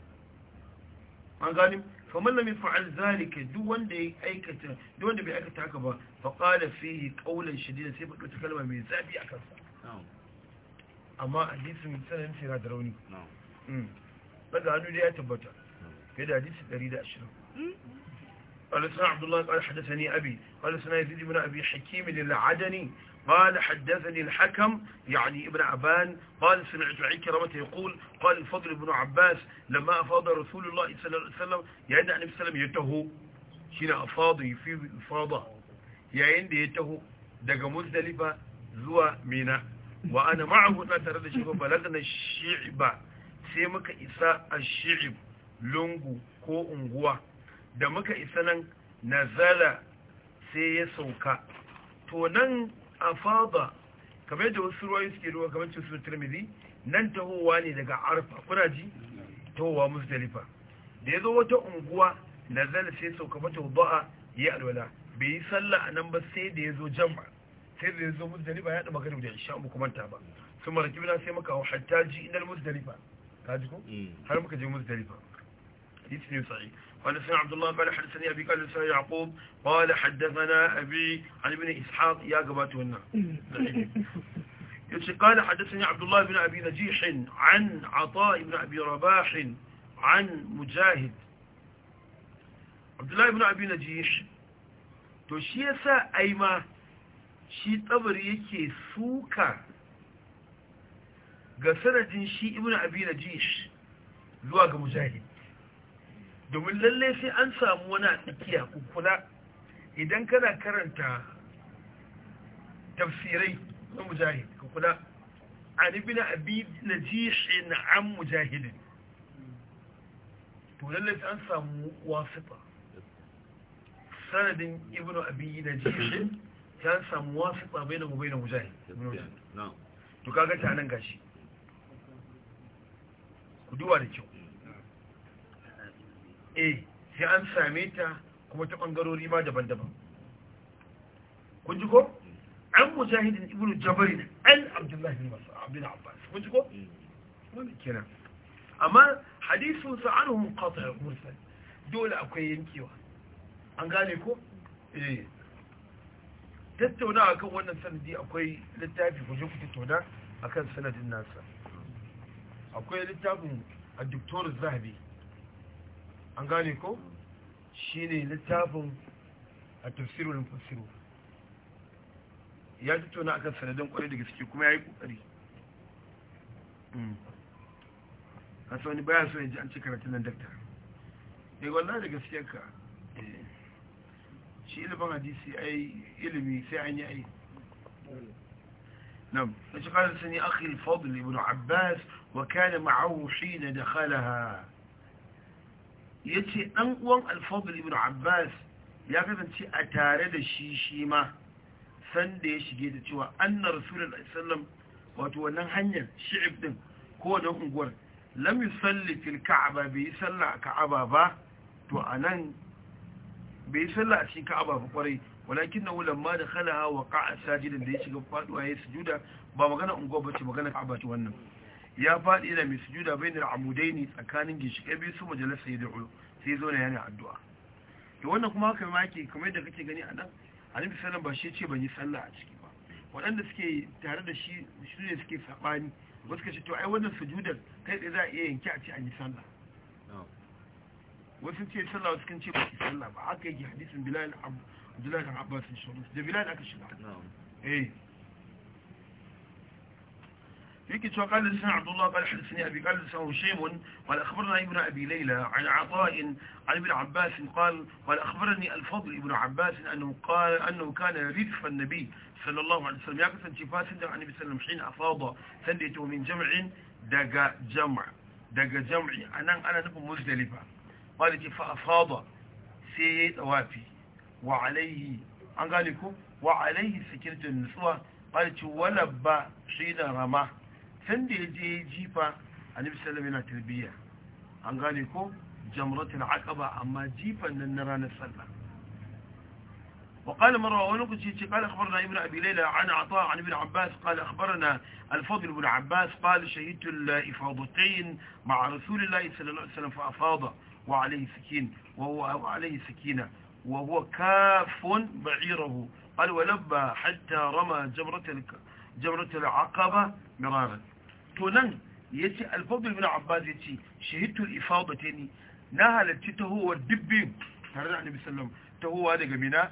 an gani faman lam yaf'al zalika duk wanda ya aikata duk wanda bai aikata haka ba fa qala fihi qawlan shadidan sai faɗo ta kalma mai zafi a kansa amma hadisin sanan tira da rauni hmm. daga hannu da ya tabbata كده حديث الدريد أشره قال سنا عبد الله قال حدثني أبي قال سنا يزيد بن أبي حكيم العدني قال حدثني الحكم يعني ابن عبان قال سمعت عكرمة يقول قال الفضل بن عباس لما أفاض رسول الله صلى الله عليه وسلم يعني النبي صلى الله عليه وسلم يتهو شين أفاضي في يا يعني يتهو دقى مزدلفة زوى ميناء وأنا معه لا ترد شبه بلغنا الشعب سيمك إساء الشعب lungu ko unguwa da muka isa nan nazala sai ya sauka to nan a fada kamar da wasu ruwayi suke ruwa kamar cikin su turmizi nan tahowa ne daga arfa kuna ji tahowa musdalifa da ya zo wata unguwa nazala sai sauka mata ba'a ya alwala bai yi sallah a nan ba sai da ya zo jama'a sai da ya zo musdalifa ya ɗaba gani da insha mu kuma ta ba sun mara kibina sai muka hau hatta ji inal musdalifa ka ji ko mm. har muka je musdalifa حديث صحيح قال حدثنا عبد الله قال حدثني أبي قال حدثنا يعقوب قال حدثنا أبي عن ابن إسحاق يا قبات قباتهن قال حدثني عبد الله بن أبي نجيح عن عطاء بن أبي رباح عن مجاهد عبد الله بن أبي نجيح تشيسا أيما shi tsabari yake suka ga sanadin shi ibn abi najish zuwa ga mujahid domin lalle sai an samu wani a tsakiya kukula idan kana karanta tafsirai na mujahid kukula a nufi na abi na jishi na an mujahidin to lalle sai an samu wasifa sanadin ibn abi na jishi ya samu wasifa bai na mu bai na mujahid to kaga ta nan gashi ku duwa da kyau a sai an same ta kuma ta ɓangarori ma daban-daban kun ji ko an mujahidin ibnu jabari an abdullahi bin masu abin abbas kun ji ko wani kenan amma hadisun sa an hun kata ya mursal dole akwai yankewa an gane ko eh tattauna akan wannan sanadi akwai littafi ku je ku tattauna akan sanadin nasa akwai littafin a doktor zahabi an gane ko shi ne littafin a tafsirul mufassiru ya tuto na akan sanadin kwarai da gaske kuma ya yi kokari kasa wani baya so ya ji an ci karatun nan daktar ne wallah da gaske ka shi ilimin hadisi ai ilimi sai an yi ai نعم فقال سني أخي الفضل ابن عباس وكان معه حين دخلها ya ce ɗan uwan alfadul ibn abbas ya kasance a tare da shi shi ma sanda ya shige da cewa anna rasulun sallam wato wannan hanyar shi'ib din ko wannan unguwar lam yusalli ka'aba bai yi salla a ka'aba ba to anan bai yi salla a cikin ka'aba ba kwarai walakin na wulan ma da khalaha wa qa'a sajidan da ya shiga faduwa ya sujuda ba magana unguwar ba ce magana ka'aba ce wannan ya faɗi yana mai sujuda bai da amudai ne tsakanin ginshiƙe biyu su majalisa ya da'u sai zo na yana addu'a da wannan kuma haka ma ke kamar yadda kake gani a nan annabi sallan ba shi ce ban yi sallah a ciki ba waɗanda suke tare da shi su ne suke saɓani ba ka ce to ai wannan sujudar kai tsaye za a iya yanki a ce an yi sallah wasu ce sallah wasu kan ce ba ki sallah ba haka yake hadisin bilal abdullahi abbas inshallah da bilal aka shiga eh يكي قال لسنا عبد الله قال حدثني أبي قال لسنا هشيم قال أخبرنا ابن أبي ليلى عن عطاء عن ابن عباس قال قال أخبرني الفضل ابن عباس أنه قال أنه كان ردف النبي صلى الله عليه وسلم يقف انتفاس عن النبي صلى الله عليه وسلم حين أفاض سنته من جمع دقى جمع دقى جمع أنا أنا نبو مزدلفة قال قالت فأفاض سيد وافي وعليه قال لكم وعليه سكرة النسوة قالت ولب حين رماه can da ya je ya jifa annabi sallam yana tarbiyya an gane ko jamratul aqaba amma jifan nan na ranar sallah وقال مرة ونقصي قال أخبرنا ابن أبي ليلى عن عطاء عن ابن عباس قال أخبرنا الفضل بن عباس قال شهدت الإفاضتين مع رسول الله صلى الله عليه وسلم فأفاض وعليه سكين وهو عليه سكينة وهو كاف بعيره قال ولبى حتى رمى جمرة jamratul aqaba miraran to nan yace al-fadl ibn abbas yace shahidtu ifadataini na halarci tahowar dubbi tare da annabi sallallahu tahowa daga mina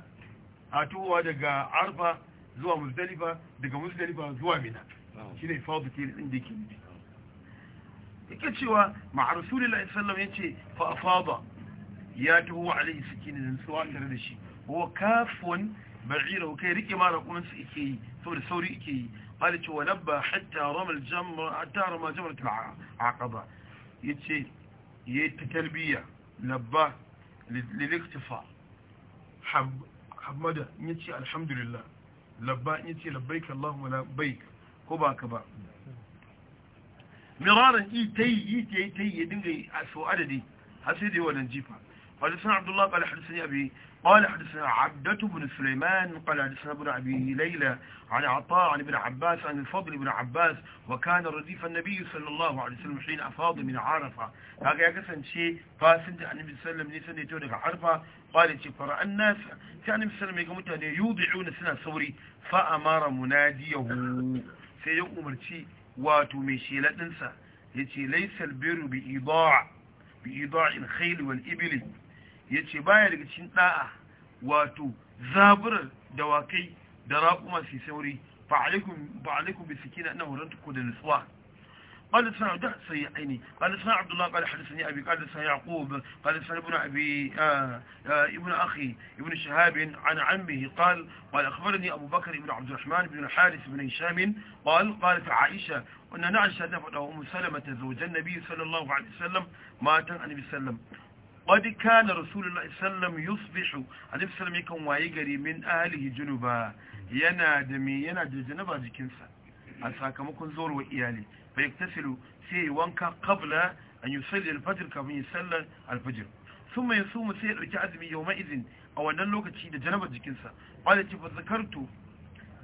a tahowa daga arfa zuwa muzdalifa daga muzdalifa zuwa mina shine ifadataini din da ke nufi yake cewa ma'a rasulullahi sallallahu yace fa afada ya tahowa alaihi sakinin suwa tare da shi wa kafun ba'irahu kai rike mara raƙumin su ike yi saboda sauri ike yi bali ce walabba hatta ramal jamra hatta ramal jamra ta aqaba yace yayi ta talbiya labba liliktifa hamada yace alhamdulillah labba yace labbaik allahumma labbaik ko ba ka ba miraran yi ta yi yi ta yi ya dinga a sau adadi har sai da yi jifa قال سنة عبد الله قال حدثني قال حدثنا عبدة بن سليمان قال حدثنا ابن أبي ليلى عن عطاء عن ابن عباس عن الفضل بن عباس وكان رديف النبي صلى الله عليه وسلم حين أفاض من عرفة هذا يقصد شيء فاسند عن يعني النبي صلى الله عليه وسلم يتون لك عرفة قال شيء فرأى الناس كان يعني النبي صلى الله عليه وسلم يوضعون سنة سوري فأمر مناديه سيؤمر شيء وتمشي لا تنسى ليس البر بإضاع بإضاع الخيل والإبل ya ce baya daga cikin ɗa'a wato zaburar dawakai da raƙuma su sauri fa'alaikun bi suke na horon tuko da nutsuwa قال سنة ده سيئيني قال سنة عبد الله قال حدثني أبي قال سنة يعقوب قال سنة ابن أبي آآ آآ ابن أخي ابن شهاب عن عمه قال قال أخبرني أبو بكر بن عبد الرحمن بن الحارث بن هشام قال قالت عائشة أن نعشة دفعت أم سلمة زوج النبي صلى الله عليه وسلم ما تنعني بالسلم qad kana rasulullahi sallam yusbihu annabi sallam yakan waye gari min junuba yana da me yana janaba jikinsa a sakamakon zorwa iyali fa yaktasilu sai wanka qabla an yusalli al-fajr kafin ya sallar al-fajr thumma yasumu sai ya dauki azumi yawma idin a wannan lokaci da janaba jikinsa qala ce fa zakartu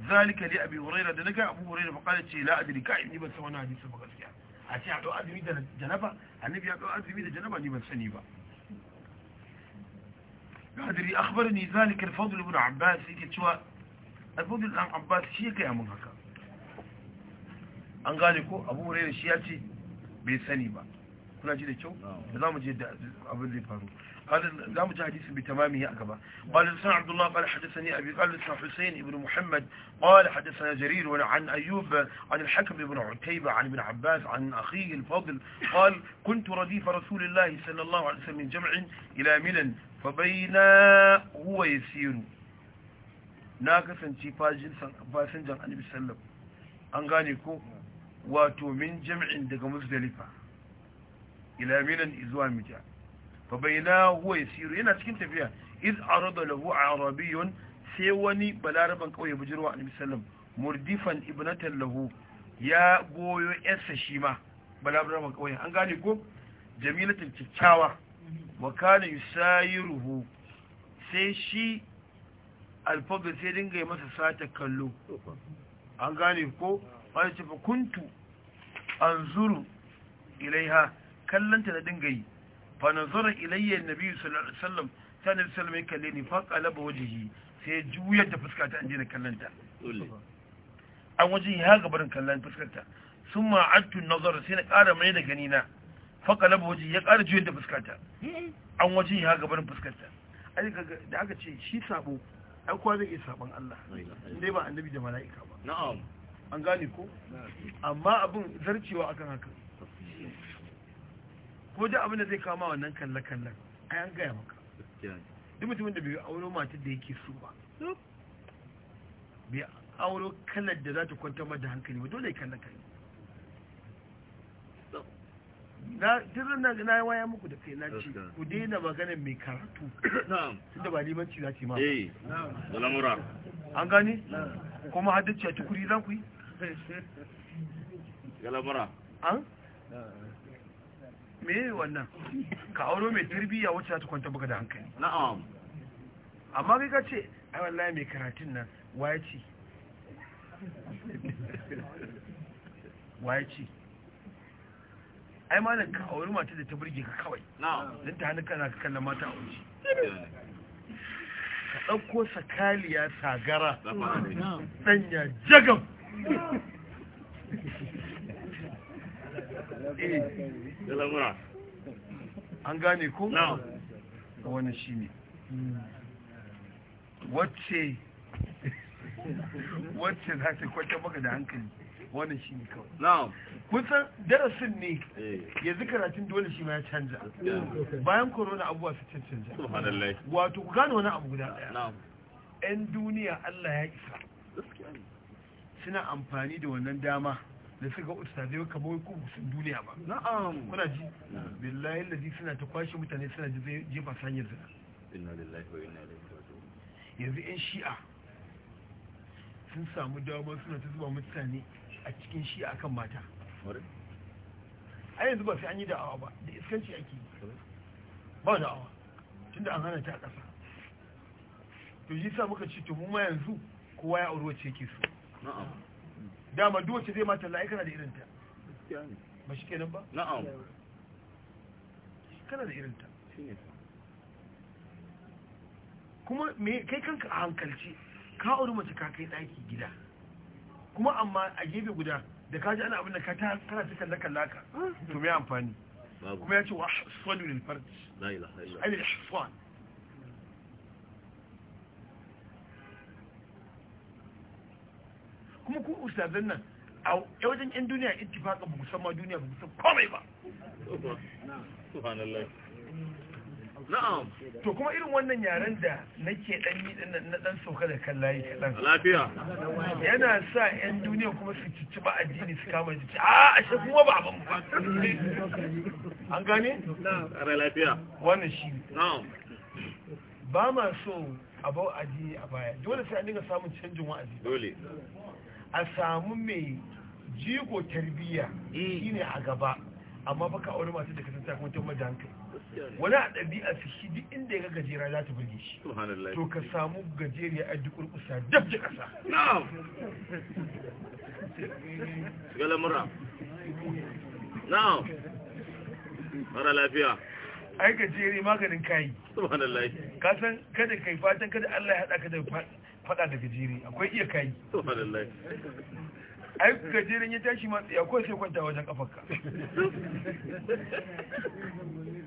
da naga abu hurayra fa ce la adri ka ibni ban san wannan hadisi ba gaskiya a ce a dau da janaba azumi da janaba ni ban sani ba قادر أخبرني ذلك الفضل بن عباس شو الفضل بن عباس شيء أمون هكا أن قال يقول أبو hurairu shi ya ce bai sani ba kuna ji da kyau da za mu je da abin قال لسان عبد الله قال حدثني أبي قال لسان حسين ابن محمد قال حدثنا جرير عن أيوب عن الحكم بن عتيبة عن ابن عباس عن أخيه الفضل قال كنت رديف رسول الله صلى الله عليه وسلم من جمع إلى ملن fa baina huwa yasiru na kasance fasinjan annabi sallam an gane ko wato min jam'in daga musdalifa ila milan izuwa mija fa huwa yasiru yana cikin tafiya iz arada lahu arabiyyun sai wani balaraban kauye bujirwa annabi sallam murdifan ibnatan lahu ya goyo yarsa shi ma balaraban kauye an gane ko jamilatul kikkiawa wa kana yusayiruhu sai shi alfabe sai dinga yi masa sata kallo an gane ko wani ce fa kuntu an zuru ilaiha kallanta na dinga yi fa na zura ilayyar nabi sallam ta nabi sallam ya kalle ni fa waje yi sai juyar da fuska ta an jina kallanta an wajen ya barin kallon fuskarta sun ma'attu nazar sai na ƙara mai da ganina faƙalaba waje ya ƙara juyin da fuskata eh. an wajen ya gabarin fuskata da aka ce shi sabo ai kuwa zai iya sabon Allah dai ba annabi da mala'ika ba na'am an gane ko amma abin zarcewa akan haka ko da abin da zai kama wannan kalla kallan ai an gaya maka duk mutumin da bai auro matar da yake so ba bai auro kallar da za ta kwanta mata hankali ba dole ya kalla na tirin na na waya muku da ke na ce ku daina maganin mai karatu tunda ba limanci za ce ma eh da lamura an gani kuma haddace tukuri za ku yi da lamura an me wannan ka auro mai tarbiyya wacce za ta kwanta baka da hankali na'am amma kai ka ce ai wallahi mai karatun nan waya ce waya ce ai malam ka auri mata da ta burge ka kawai don ta hannu kana ka kallon mata a wuce eh. ka ɗauko sakaliya sagara ɗanya jagam eh. an gane ko? wani shi ne hmm. wacce wacce za ta kwata maka da hankali wannan shi ne kawai na'am kun san darasin ne eh. yanzu karatun dole shi ma ya canza bayan corona abubuwa su canja subhanallah wato ku gane wani abu guda ɗaya. na'am ɗan duniya Allah ya isa suna amfani da wannan dama da suka ustazai ka bawai ku sun duniya ba na'am kuna ji billahi ladi suna ta kwashe mutane suna ji jefa sanyar zina inna lillahi wa inna ilaihi raji'un yanzu yan shi'a sun samu dama suna ta zuba mutane a cikin shi akan mata a yanzu ba sai an yi da'awa ba da iskanci ake yi ba da'awa tunda an hana ta a ƙasa to yi sa muka ce to mu ma yanzu kowa ya auri wacce yake so dama duk wacce zai mata la'aikana da irinta ba shi kenan ba na'am kana da irinta kuma me kai kanka a hankalci ka auri mace ka kai daki gida kuma amma a gefe guda da kaji ana abin da ka ta kana ta kalla kalla ka to me amfani kuma ya ce wa sallu lil fard la ilaha illa Allah ihsan kuma ku ustazan nan a wajen yan duniya ittifaka ba san ma duniya ba san komai ba subhanallah na'am to kuma irin wannan yaren da nake dan yi na dan soka da kan layi kadan lafiya yana sa yan duniya kuma su cici ba addini su kama jiki a ashe kuma ba ban ba an gane na'am lafiya wannan shi na'am ba ma so a bau addini a baya dole sai an dinga samun canjin wa'azi dole a samu mai jigo tarbiyya eh. shine a gaba amma baka aure masu da kasance kuma ta kai wani a ɗabi'a su shi duk inda ya ga gajera za ta burge shi to ka samu gajeriya a duk kurkusa dab da ƙasa na'am galamura na'am mara lafiya ai gajeri maganin kayi subhanallah ka san kada kai fatan kada Allah ya hada ka da fada da gajeri akwai iya kayi subhanallah ai gajerin ya tashi matsi akwai sai kwanta wajen kafarka